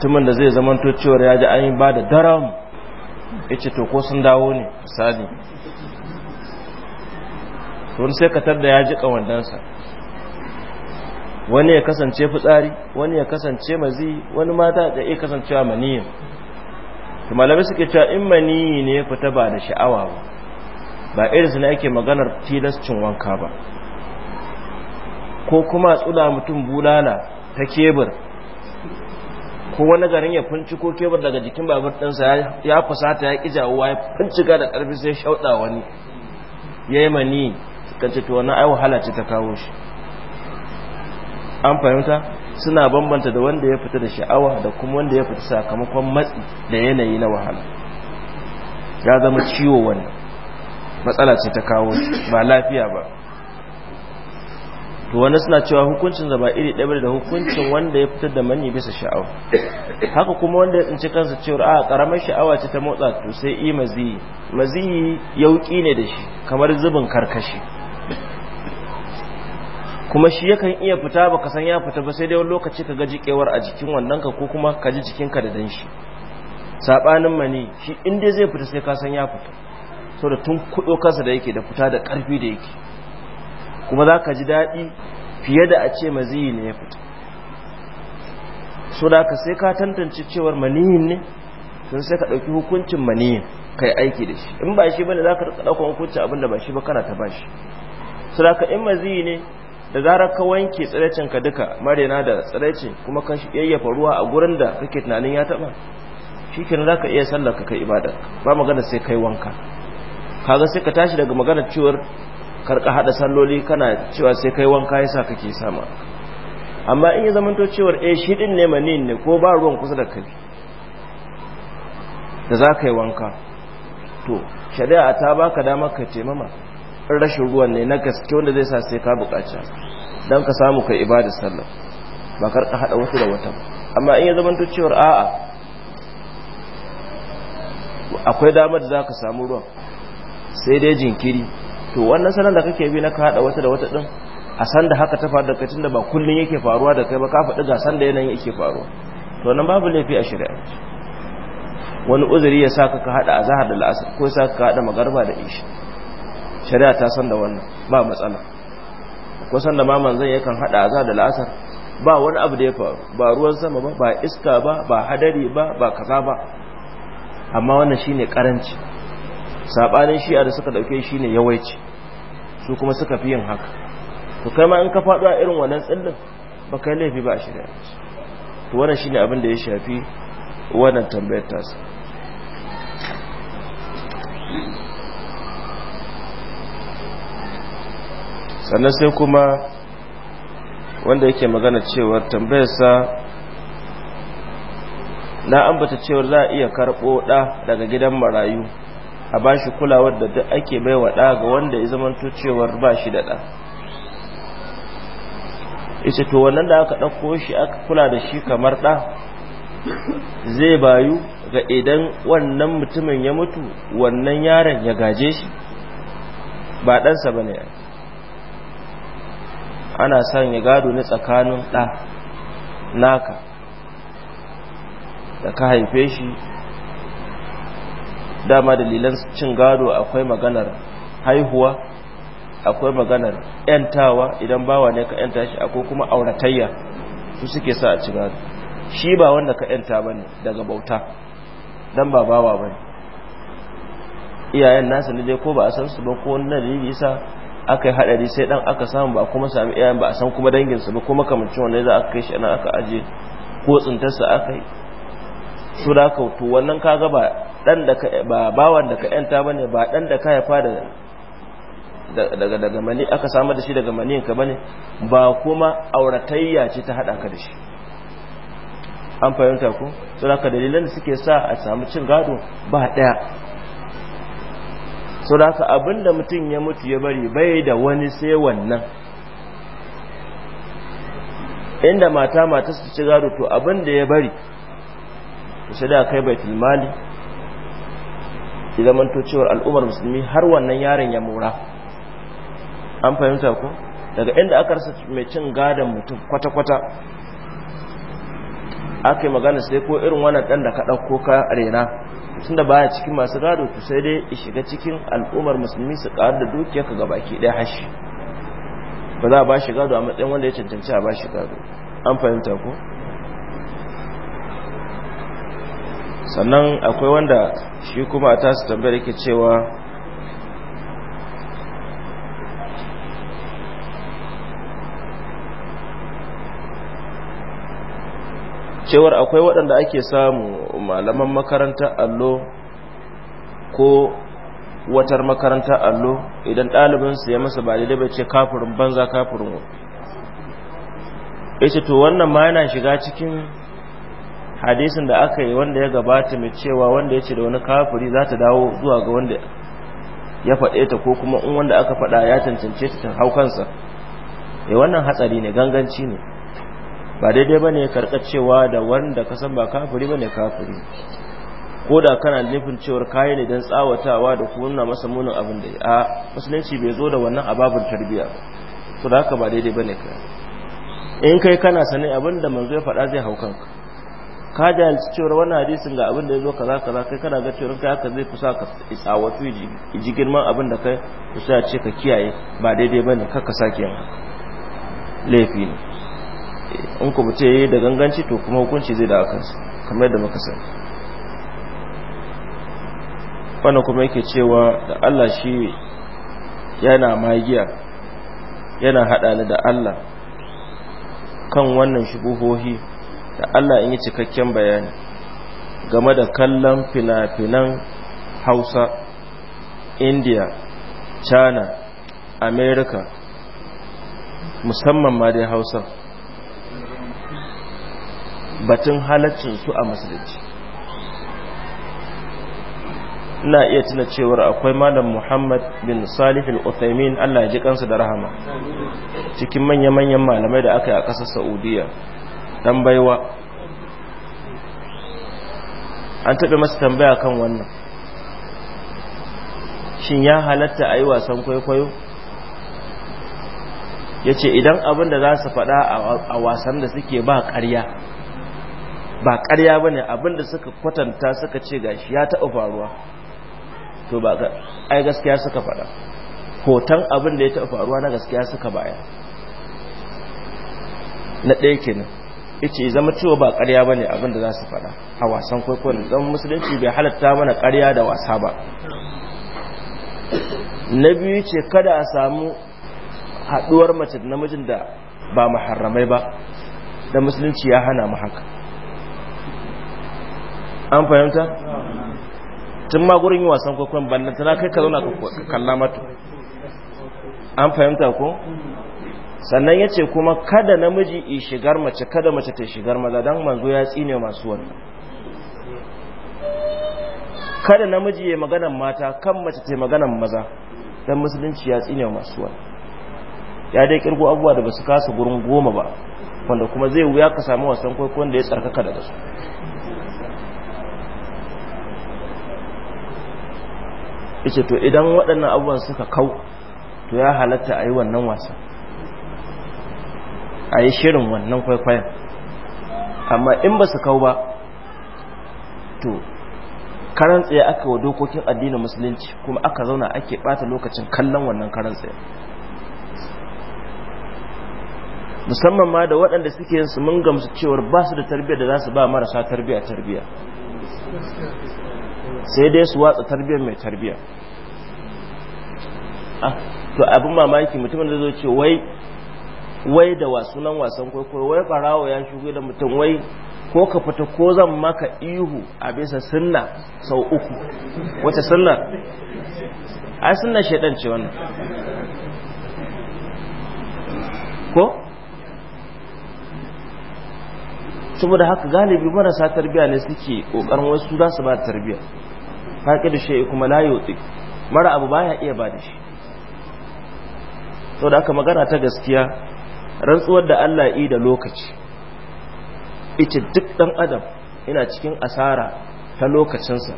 tumin da zai zamanto cewar ya ji an yi ba da daram ya ce to ko sun dawo ne misali wani sai katar da ya ji kawandansa wani ya kasance fitsari wani ya kasance mazi wani mata da iya kasancewa maniyan to malamai suke cewa in mani ne fita ba da sha'awa ba ba irin su ne ake maganar tilascin wanka ba ko kuma tsula mutum bulala ta kebur ko wani garin ya kunci ko kebur daga jikin babur ɗinsa ya fusata ya ƙi jawuwa ya ga da ƙarfi sai shauɗa wani ya yi mani kan ce to wani ai wahala ce ta kawo shi an fahimta suna bambanta da wanda ya fita da sha'awa da kuma wanda ya fita sakamakon matsi da yanayi na wahala ya zama ciwo wannan matsala ce ta kawo ba lafiya ba to wani suna cewa hukuncin zaba iri ɗaya da hukuncin wanda ya fitar da mani bisa sha'awa haka kuma wanda ya tsinci kansa cewar a ah, ƙaramar sha'awa ce ta motsa to sai i maziyi maziyi yauƙi ne da shi kamar zubin karkashi kuma shi yakan iya fita baka san ya fita ba sai dai wani lokaci ka ga jikewar a jikin wannan ka ko kuma ka ji jikinka da danshi sabanin mani shi in dai zai fita sai ka san ya fita da tun kudo kansa da yake da fita da karfi da yake kuma za ka ji daɗi fiye da a ce maziyi ne ya fita so da ka sai ka tantance cewar maniyin ne sun sai ka ɗauki hukuncin maniyin kai aiki da shi in ba shi bane za ka ɗauka hukuncin abin da ba shi ba kana ta ba shi so da ka in maziyi ne da zarar ka wanke tsiraicinka duka marina da tsiraicin kuma kan shi yayyafa ruwa a gurin da kake tunanin ya taba za ka iya sallar ka kai ibada ba magana sai kai wanka kaga sai ka tashi daga magana ciwar karka hada salloli kana cewa sai kai wanka yasa kake sama amma in ya zamanto cewar eh shi din ne manin ne ko ba ruwan kusa da kai da za ka yi wanka to shari'a ta baka dama ka taimama rashin ruwan ne na gaske wanda zai sa sai ka bukaci don ka samu kai ibada sallah ba karka hada wasu da wata amma in ya zamanto cewar a'a akwai damar da za ka samu ruwan sai dai jinkiri to wannan sanar da kake bi na ka hada wata da wata din a san da haka ta faru da kai da ba kullun yake faruwa da kai ba ka faɗi ga san da yanayin yake faruwa to nan babu laifi a shari'a wani uzuri ya saka ka hada azhar da al'asr ko ya saka ka hada magarba da isha shari'a ta san da wannan ba matsala san da ma manzon yakan hada azar da la'asar ba wani abu da ya faru ba ruwan sama ba ba iska ba ba hadari ba ba kaza ba amma wannan shine karanci sabanin shi'a da suka dauke shine yawaici su kuma suka fi yin haka to kai ma in ka faɗo a irin wannan tsallin ba kai laifi ba a shirya to wannan shine abin da ya shafi wannan tambayar tasa sannan sai kuma wanda yake magana cewar tambayarsa na ambata cewar za a iya karɓo ɗa daga gidan marayu a ba shi kulawar da duk ake bai wa ɗa ga wanda ya zamanto cewar ba shi da ɗa ita to wannan da aka ɗauko shi aka kula da shi kamar ɗa zai bayu ga idan wannan mutumin ya mutu wannan yaron ya gaje shi ba ɗansa ba ne ana sanya gado ne tsakanin ɗa naka da ka haife shi dama dalilan cin gado akwai maganar haihuwa akwai maganar ‘yantawa idan bawa ne ka ‘yanta shi akwai kuma auratayya su suke sa a ci gado shi ba wanda ka ‘yanta ba ne daga bauta don ba bawa ba ne iyayen nasa ne dai ko ba a san su ba ko wani dalili yasa aka yi haɗari sai ɗan aka samu ba kuma sami iyayen ba a san kuma danginsa ba kuma kamancin wanda za aka kai shi nan aka aje ko tsintarsa aka yi su da aka to wannan kaga ba ɗan da ka ba bawan da ka yanta bane ba ɗan da ka haifa da daga daga mani aka samu da shi daga maniyin ka bane ba kuma auratayya ce ta haɗa ka da shi an fahimta ko su da aka dalilan da suke sa a samu cin gado ba ɗaya so da abinda mutum ya mutu ya bari bai da wani sai wannan inda mata mata su ci gado to abinda ya bari shi da kai baitul mali ya to cewa al'ummar musulmi har wannan yaron ya mura an fahimta ko daga inda aka rasa mai cin gadon mutum kwata-kwata aka yi magana sai ko irin wannan dan da ka dauko ka rena tunda baya cikin masu gado to sai dai ya shiga cikin al'ummar musulmi su ƙarar da dukiyarka ga baki ɗaya hashi ba za a ba shi gado a matsayin wanda ya cancanci a ba shi gado an fahimta ko sannan akwai wanda shi kuma a tasu tambayar yake cewa cewar akwai waɗanda ake samu malaman makaranta allo ko watar makaranta allo idan ɗalibinsu ya masa ba daidai ba ce kafirin banza kafirin wa to wannan ma yana shiga cikin hadisin da aka yi wanda ya gabata mai cewa wanda ya ce da wani kafuri za ta dawo zuwa ga wanda ya faɗe ta ko kuma in wanda aka faɗa ya cancance ta hau kansa Ya eh, wannan hatsari ne ganganci ne ba daidai bane karɓar cewa da wanda ka san ba kafiri bane kafiri ko da kana nufin cewar kayi ne dan tsawatawa da kuma masa munin abin da a musulunci bai zo da wannan ababin tarbiya to da haka ba daidai bane ka in kai kana sanin abin da manzo ya faɗa zai haukan ka ka jahilci cewar wannan hadisin ga abin da ya zo kaza kaza kai kana ga cewar kai haka zai kusa ka tsawatu ji girman abin da kai kusa ce ka kiyaye ba daidai bane ka ka sake yin laifi ne in ku mutum yayi da ganganci to kuma hukunci zai da kansa kamar yadda muka sani wannan kuma yake cewa da Allah shi yana magiya yana hada ni da Allah kan wannan shubuhohi da Allah in yi cikakken bayani game da kallon fina-finan Hausa India China America musamman ma dai Hausa batun halaccin su a musulunci ina iya tuna cewar akwai malam muhammad bin salih al-uthaymin allah ya ji kansa da rahama cikin manya-manyan malamai da aka yi a ƙasar saudiya dan baiwa an taɓa masa tambaya kan wannan shin ya halatta a yi wasan kwaikwayo ya ce idan abin da za su faɗa a wasan da suke ba ƙarya ba ƙarya ba ne abinda suka kwatanta suka ce gashi ya taɓa faruwa to ba ai gaskiya suka faɗa hoton abin da ya taɓa faruwa na gaskiya suka baya na ɗaya nan ice zama cewa ba ƙarya ba ne abin da za su faɗa a wasan kwaikwayon zama musulunci bai halatta mana ƙarya da wasa ba na biyu ce kada a samu haɗuwar mace da namijin da ba maharramai ba da musulunci ya hana mu haka an fahimta tun ma gurin yi wasan kwakwan banda na kai ka zauna ka kalla mata an fahimta ko sannan ya ce kuma kada namiji yi shigar mace kada mace ta shigar maza don manzo ya tsine masu wannan kada namiji ya maganan mata kan mace ta maganan maza don musulunci ya tsine masu wannan ya dai kirgo abubuwa da basu kasa gurin goma ba wanda kuma zai wuya ka samu wasan kwaikwayon da ya tsarkaka daga su yace to idan waɗannan abubuwan suka kau to ya halatta a yi wannan wasa a yi shirin wannan kwaikwayon amma in ba su kau ba to karan tsaye aka wa dokokin addinin musulunci kuma aka zauna ake bata lokacin kallon wannan karan tsaye musamman ma da waɗanda suke yin su mun gamsu cewar ba su da tarbiyyar da za su ba marasa tarbiyya tarbiyya sai dai su watsa tarbiyyar mai tarbiyya ah, to abin mamaki mutumin da zo ce wai wai da sunan wasan kwaikwayo wai barawo ya shigo da mutum wai ko ka fita ko zan maka ihu a bisa sunna sau uku wata sunna ai sunna shaidan ce wannan ko saboda haka galibi marasa tarbiya ne suke kokarin wasu za su ba da tarbiya faƙi da shi kuma la yotsi mara abu baya iya ba da shi saboda haka magana ta gaskiya rantsuwar da Allah yi da lokaci ita duk dan adam ina cikin asara ta lokacinsa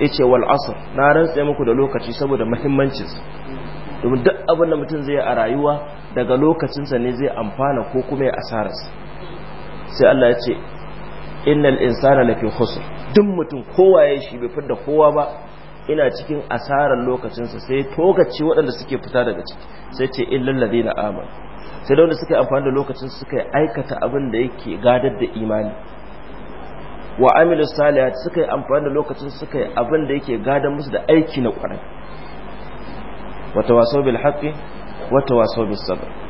yace wal asr na rantsa muku da lokaci saboda muhimmancinsa domin duk abin da mutum zai yi a rayuwa daga lokacinsa ne zai amfana ko kuma ya asararsa sai Allah ya ce innal insana lafi khusr duk mutum kowaye shi bai fitar da kowa ba ina cikin asarar lokacinsa sai togaci waɗanda suke fita daga ciki sai ce illal ladina amanu sai da wanda suka yi amfani da lokacin suka yi aikata abin da yake gadar da imani wa amilu salihat suka yi amfani da lokacin suka yi abin da yake gadar musu da aiki na ƙwarai wata wasau bil haqqi wata wasau bis sabr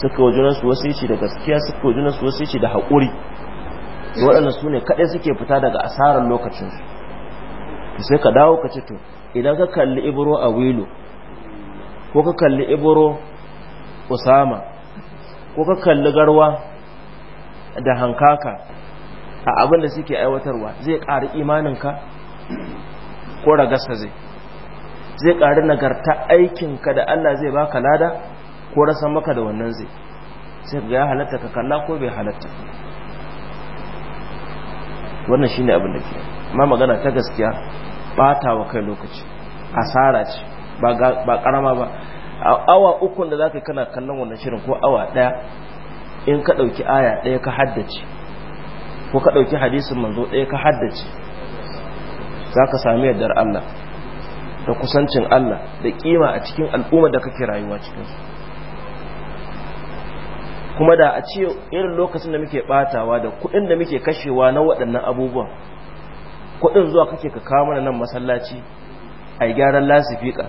suka wa junansu wasici da gaskiya suka wa junansu wasici da haƙuri waɗanda su ne kaɗai suke fita daga asarar lokacinsu sai ka dawo ka ce to idan ka kalli ibro a wilo ko ka kalli ibro usama ko ka kalli garwa da hankaka a abin da suke aiwatarwa zai ƙari imaninka ko ragasa zai zai ƙari nagarta aikinka da allah zai baka lada ko rasa maka da wannan zai sai ga ya halatta ka kalla ko bai halatta wannan shine abin da ke amma magana ta gaskiya bata wa kai lokaci asara ce ba karama ba awa ukun da zaka kana kallon wannan shirin ko awa daya in ka dauki aya daya ka haddace ko ka dauki hadisin manzo daya ka haddace zaka sami yardar Allah da kusancin Allah da kima a cikin al'umma da kake rayuwa cikin su kuma da a ce irin lokacin da muke batawa da kuɗin da muke kashewa na waɗannan abubuwan kuɗin zuwa kake ka kawo mana nan masallaci a gyaran lasifika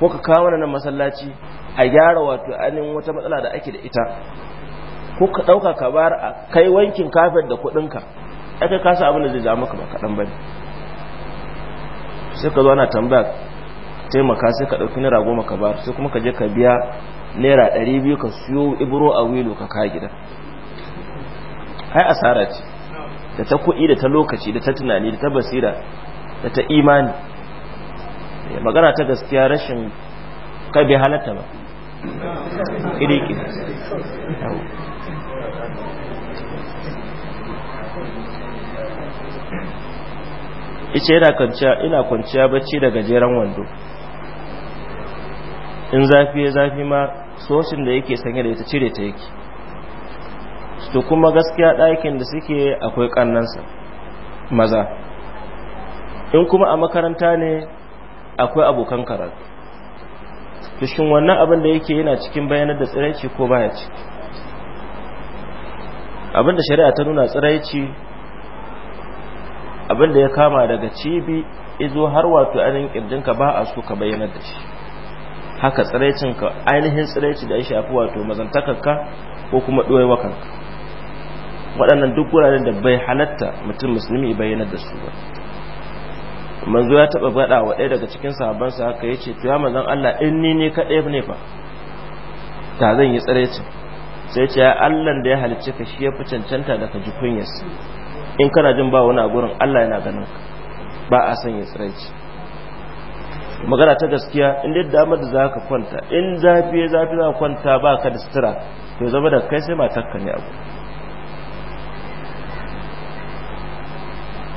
ko ka kawo mana nan masallaci a gyara wato ainihin wata matsala da ake da ita ko ka ɗauka ka bayar a kai wankin kafin da kuɗinka ya kai kasa abin da zai ja maka ba kaɗan ba ne sai ka zo ana tambaya taimaka sai ka ɗauki naira goma ka bar sai kuma ka je ka biya naira ɗari biyu ka siyo ibro a wilo ka ka gida ai asara ce da ta kuɗi da ta lokaci da ta tunani da ta basira da ta imani eh, magana ta gaskiya rashin kai bai halatta ba ƙiriƙi ice yana kwanciya ina kwanciya bacci da gajeren wando in zafi ya zafi ma soshin da yake sanye da ita cire ta yake to kuma gaskiya ɗakin da suke akwai ƙannansa maza in kuma a makaranta ne akwai abokan karatu to shin wannan abin da yake yana cikin bayanar da tsiraici ko baya ciki abin da shari'a ta nuna tsiraici abin da ya kama daga cibi izo har wato anin kirjinka ba a so ka bayyana da shi haka tsiraicin ka ainihin tsiraici da ya shafi wato mazantakarka ko kuma ɗoyewa waɗannan duk wuraren da bai halatta mutum musulmi bayyana da su ba manzo ya taɓa gaɗa wa ɗaya daga cikin sahabansa haka ya ce to ya Allah in ni ne kaɗai ne fa ta zan yi tsiraicin sai ce ya Allah da ya halicce ka shi ya fi cancanta daga ka yasi in kana jin ba wani a gurin Allah yana ganin ka ba a son ya tsiraici magana ta gaskiya inda yadda damar da za ka kwanta in zafi ya zafi za kwanta ba ka da sutura to zama da kai sai matakka ne abu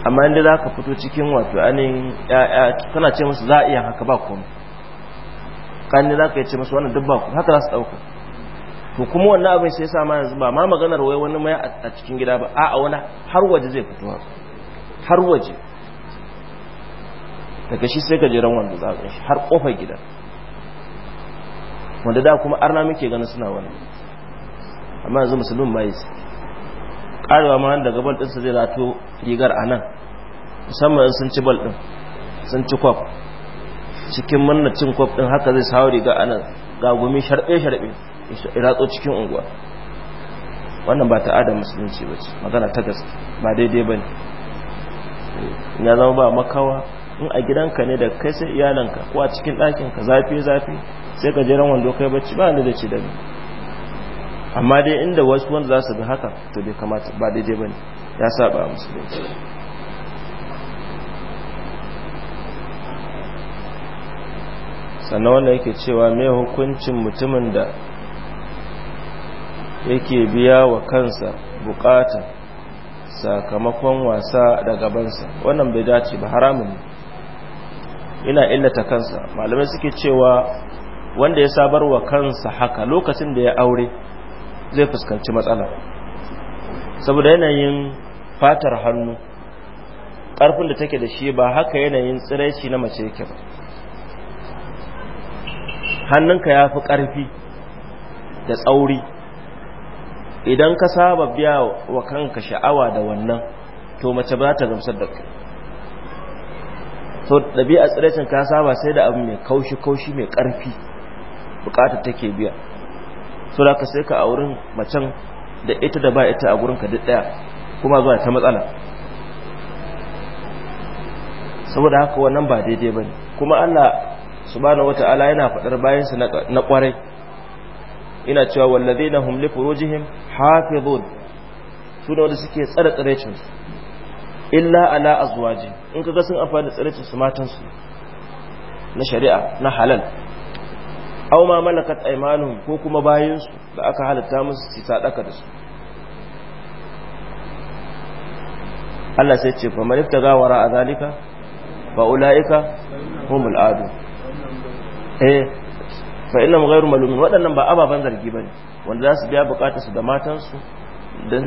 amma inda za ka fito cikin wato anin kana ce musu za a iya haka ba kuma kanin za ka yi ce musu wannan duk ku haka za su ɗauka to kuma wannan abin sai sa ma yanzu ba ma maganar wai wani mai a cikin gida ba a'a wani har waje zai fito har waje daga shi sai gajeren wanda za a shi har kofar gida wanda da kuma arna muke ganin suna wani amma yanzu musulun ma yi karewa ma daga bal ɗinsa zai rato rigar a nan musamman sun ci bal ɗin sun ci kwaf cikin manna cin kwaf ɗin haka zai sawo riga a nan ga gumi sharɓe-sharɓe rato cikin unguwa wannan ba ta adam musulunci ba ce magana ta gaske ba daidai ba ne ya zama ba makawa in a gidanka ne da kai sai iyalanka ko a cikin ɗakinka zafi zafi sai ka jiran wando kai bacci ba da ci dami amma dai inda wasu wanda za su bi haka to bai kamata ba daidai ba ne ya saba musulunci sannan wanda yake cewa mai hukuncin mutumin da yake biya wa kansa bukata sakamakon wasa da gabansa wannan bai dace ba haramun ne ina illata kansa malamai suke cewa wanda ya sabar wa kansa haka lokacin da ya aure zai fuskanci matsala saboda yanayin fatar hannu ƙarfin da take da shi ba haka yanayin tsiraici na mace yake ba hannunka ya fi ƙarfi da tsauri idan ka saba biya wa kanka sha'awa da wannan to mace ba ta gamsar da kai to dabi'a tsiraicin ka saba sai da abu mai kaushi kaushi mai karfi bukatar take biya so da ka sai ka a wurin macen da ita da ba ita a gurin ka duk daya kuma zuwa ta matsala saboda haka wannan ba daidai bane kuma Allah subhanahu wata'ala yana faɗar sa na kwarai ina cewa wallazina hum li furujihim hafizun su da suke tsare tsare su illa ala azwaji in kaga sun amfani da tsarin su matansu na shari'a na halal aw ma malakat aymanuhum ko kuma su da aka halatta musu su sadaka da su Allah sai ce fa man iftaga wara azalika fa ulaika humul adu eh fa innahum ghayru malumin wadannan ba ababan zargi bane wanda za su biya bukatarsu da matansu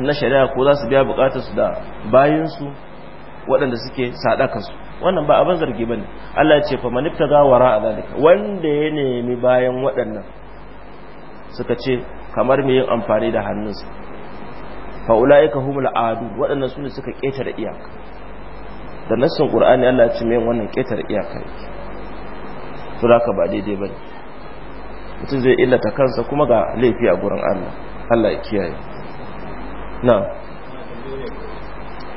na shari'a ko za su biya bukatarsu da su waɗanda suke sadakansu wannan ba abin zargi bane Allah ya ce fa manifta ga wara a zalika wanda ya nemi bayan waɗannan suka ce kamar mai yin amfani da hannunsa fa ulaika humul adu waɗannan sune suka ketare iyaka da nassin qur'ani Allah ya ce mai wannan ketare iyaka yake to haka ba daidai bane mutum zai illata kansa kuma ga laifi a gurin Allah Allah ya kiyaye na'am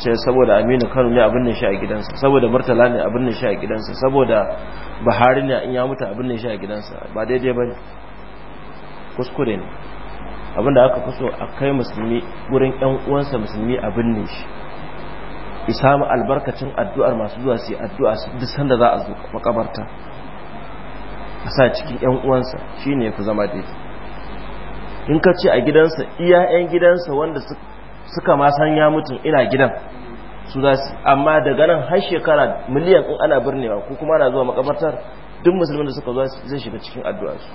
sai saboda aminu kano ne abin shi a gidansa saboda murtala ne abin shi a gidansa saboda buhari ne in ya mutu abin shi a gidansa ba daidai ba ne kuskure ne abin da aka fi a kai musulmi wurin yan uwansa musulmi abin ne shi isamu albarkacin addu'ar masu zuwa su yi addu'a duk sanda za a zo makabarta a sa cikin yan uwansa shine ya fi zama daidai in ka ce a gidansa iya yan gidansa wanda suka ma san ya mutum ina gidan su za su amma daga nan har shekara miliyan in ana birnewa ko kuma ana zuwa makabartar duk musulmin da suka zuwa zai shiga cikin addu'a su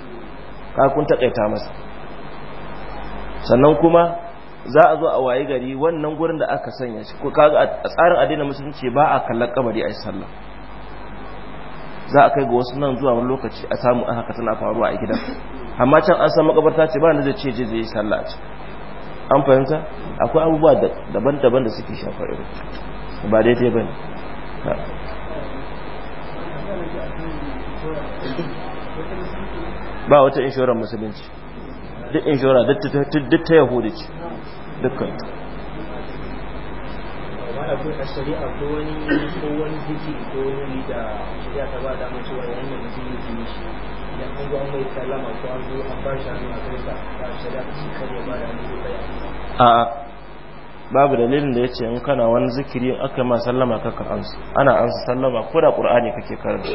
ka kun takaita masa sannan kuma za a zo a waye gari wannan gurin da aka sanya shi ko kaga a tsarin addinin musulunci ba a kallon kabari a yi sallah za a kai ga wasu nan zuwa wani lokaci a samu haka tana faruwa a gidan amma can an san makabarta ce ba ni da ce je zai yi sallah an fahimta akwai abubuwa daban-daban da suke shafa irin ba dai daidai ba ne ba wata inshorar musulunci duk inshora duk ta yahudu ce dukkan a shari'a ko wani ko wani zikiri ko wani da shari'a ta ba damar cewa yayin da mutum yake shi idan an ga mai sallama ko an zo an bar shi a ba shari'a ta shi ya ba da ko bai a'a babu dalilin da ya ce in kana wani zikiri in aka ma sallama kakar ansu ana ansa sallama ko da ƙur'ani kake karanta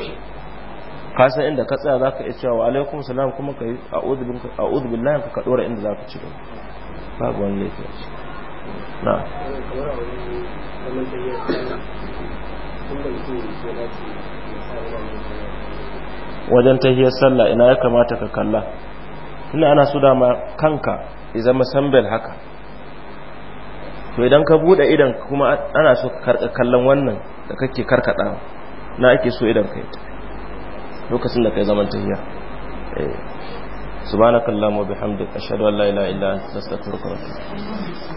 ka san inda ka tsaya za ka iya cewa alaikum salam kuma ka yi a'udhu billahi ka ɗora inda za ka ci gaba babu wani laifi a ciki na wajen tahiyar sallah ina ya kamata ka kalla tunda ana su dama kanka ya zama sambel haka to idan ka bude idan kuma ana so ka kallon wannan da kake karkada na ake so idan kai lokacin da kai zaman tahiya eh. subhanakallahumma wa bihamdika ashhadu an la ilaha illa anta astaghfiruka wa atubu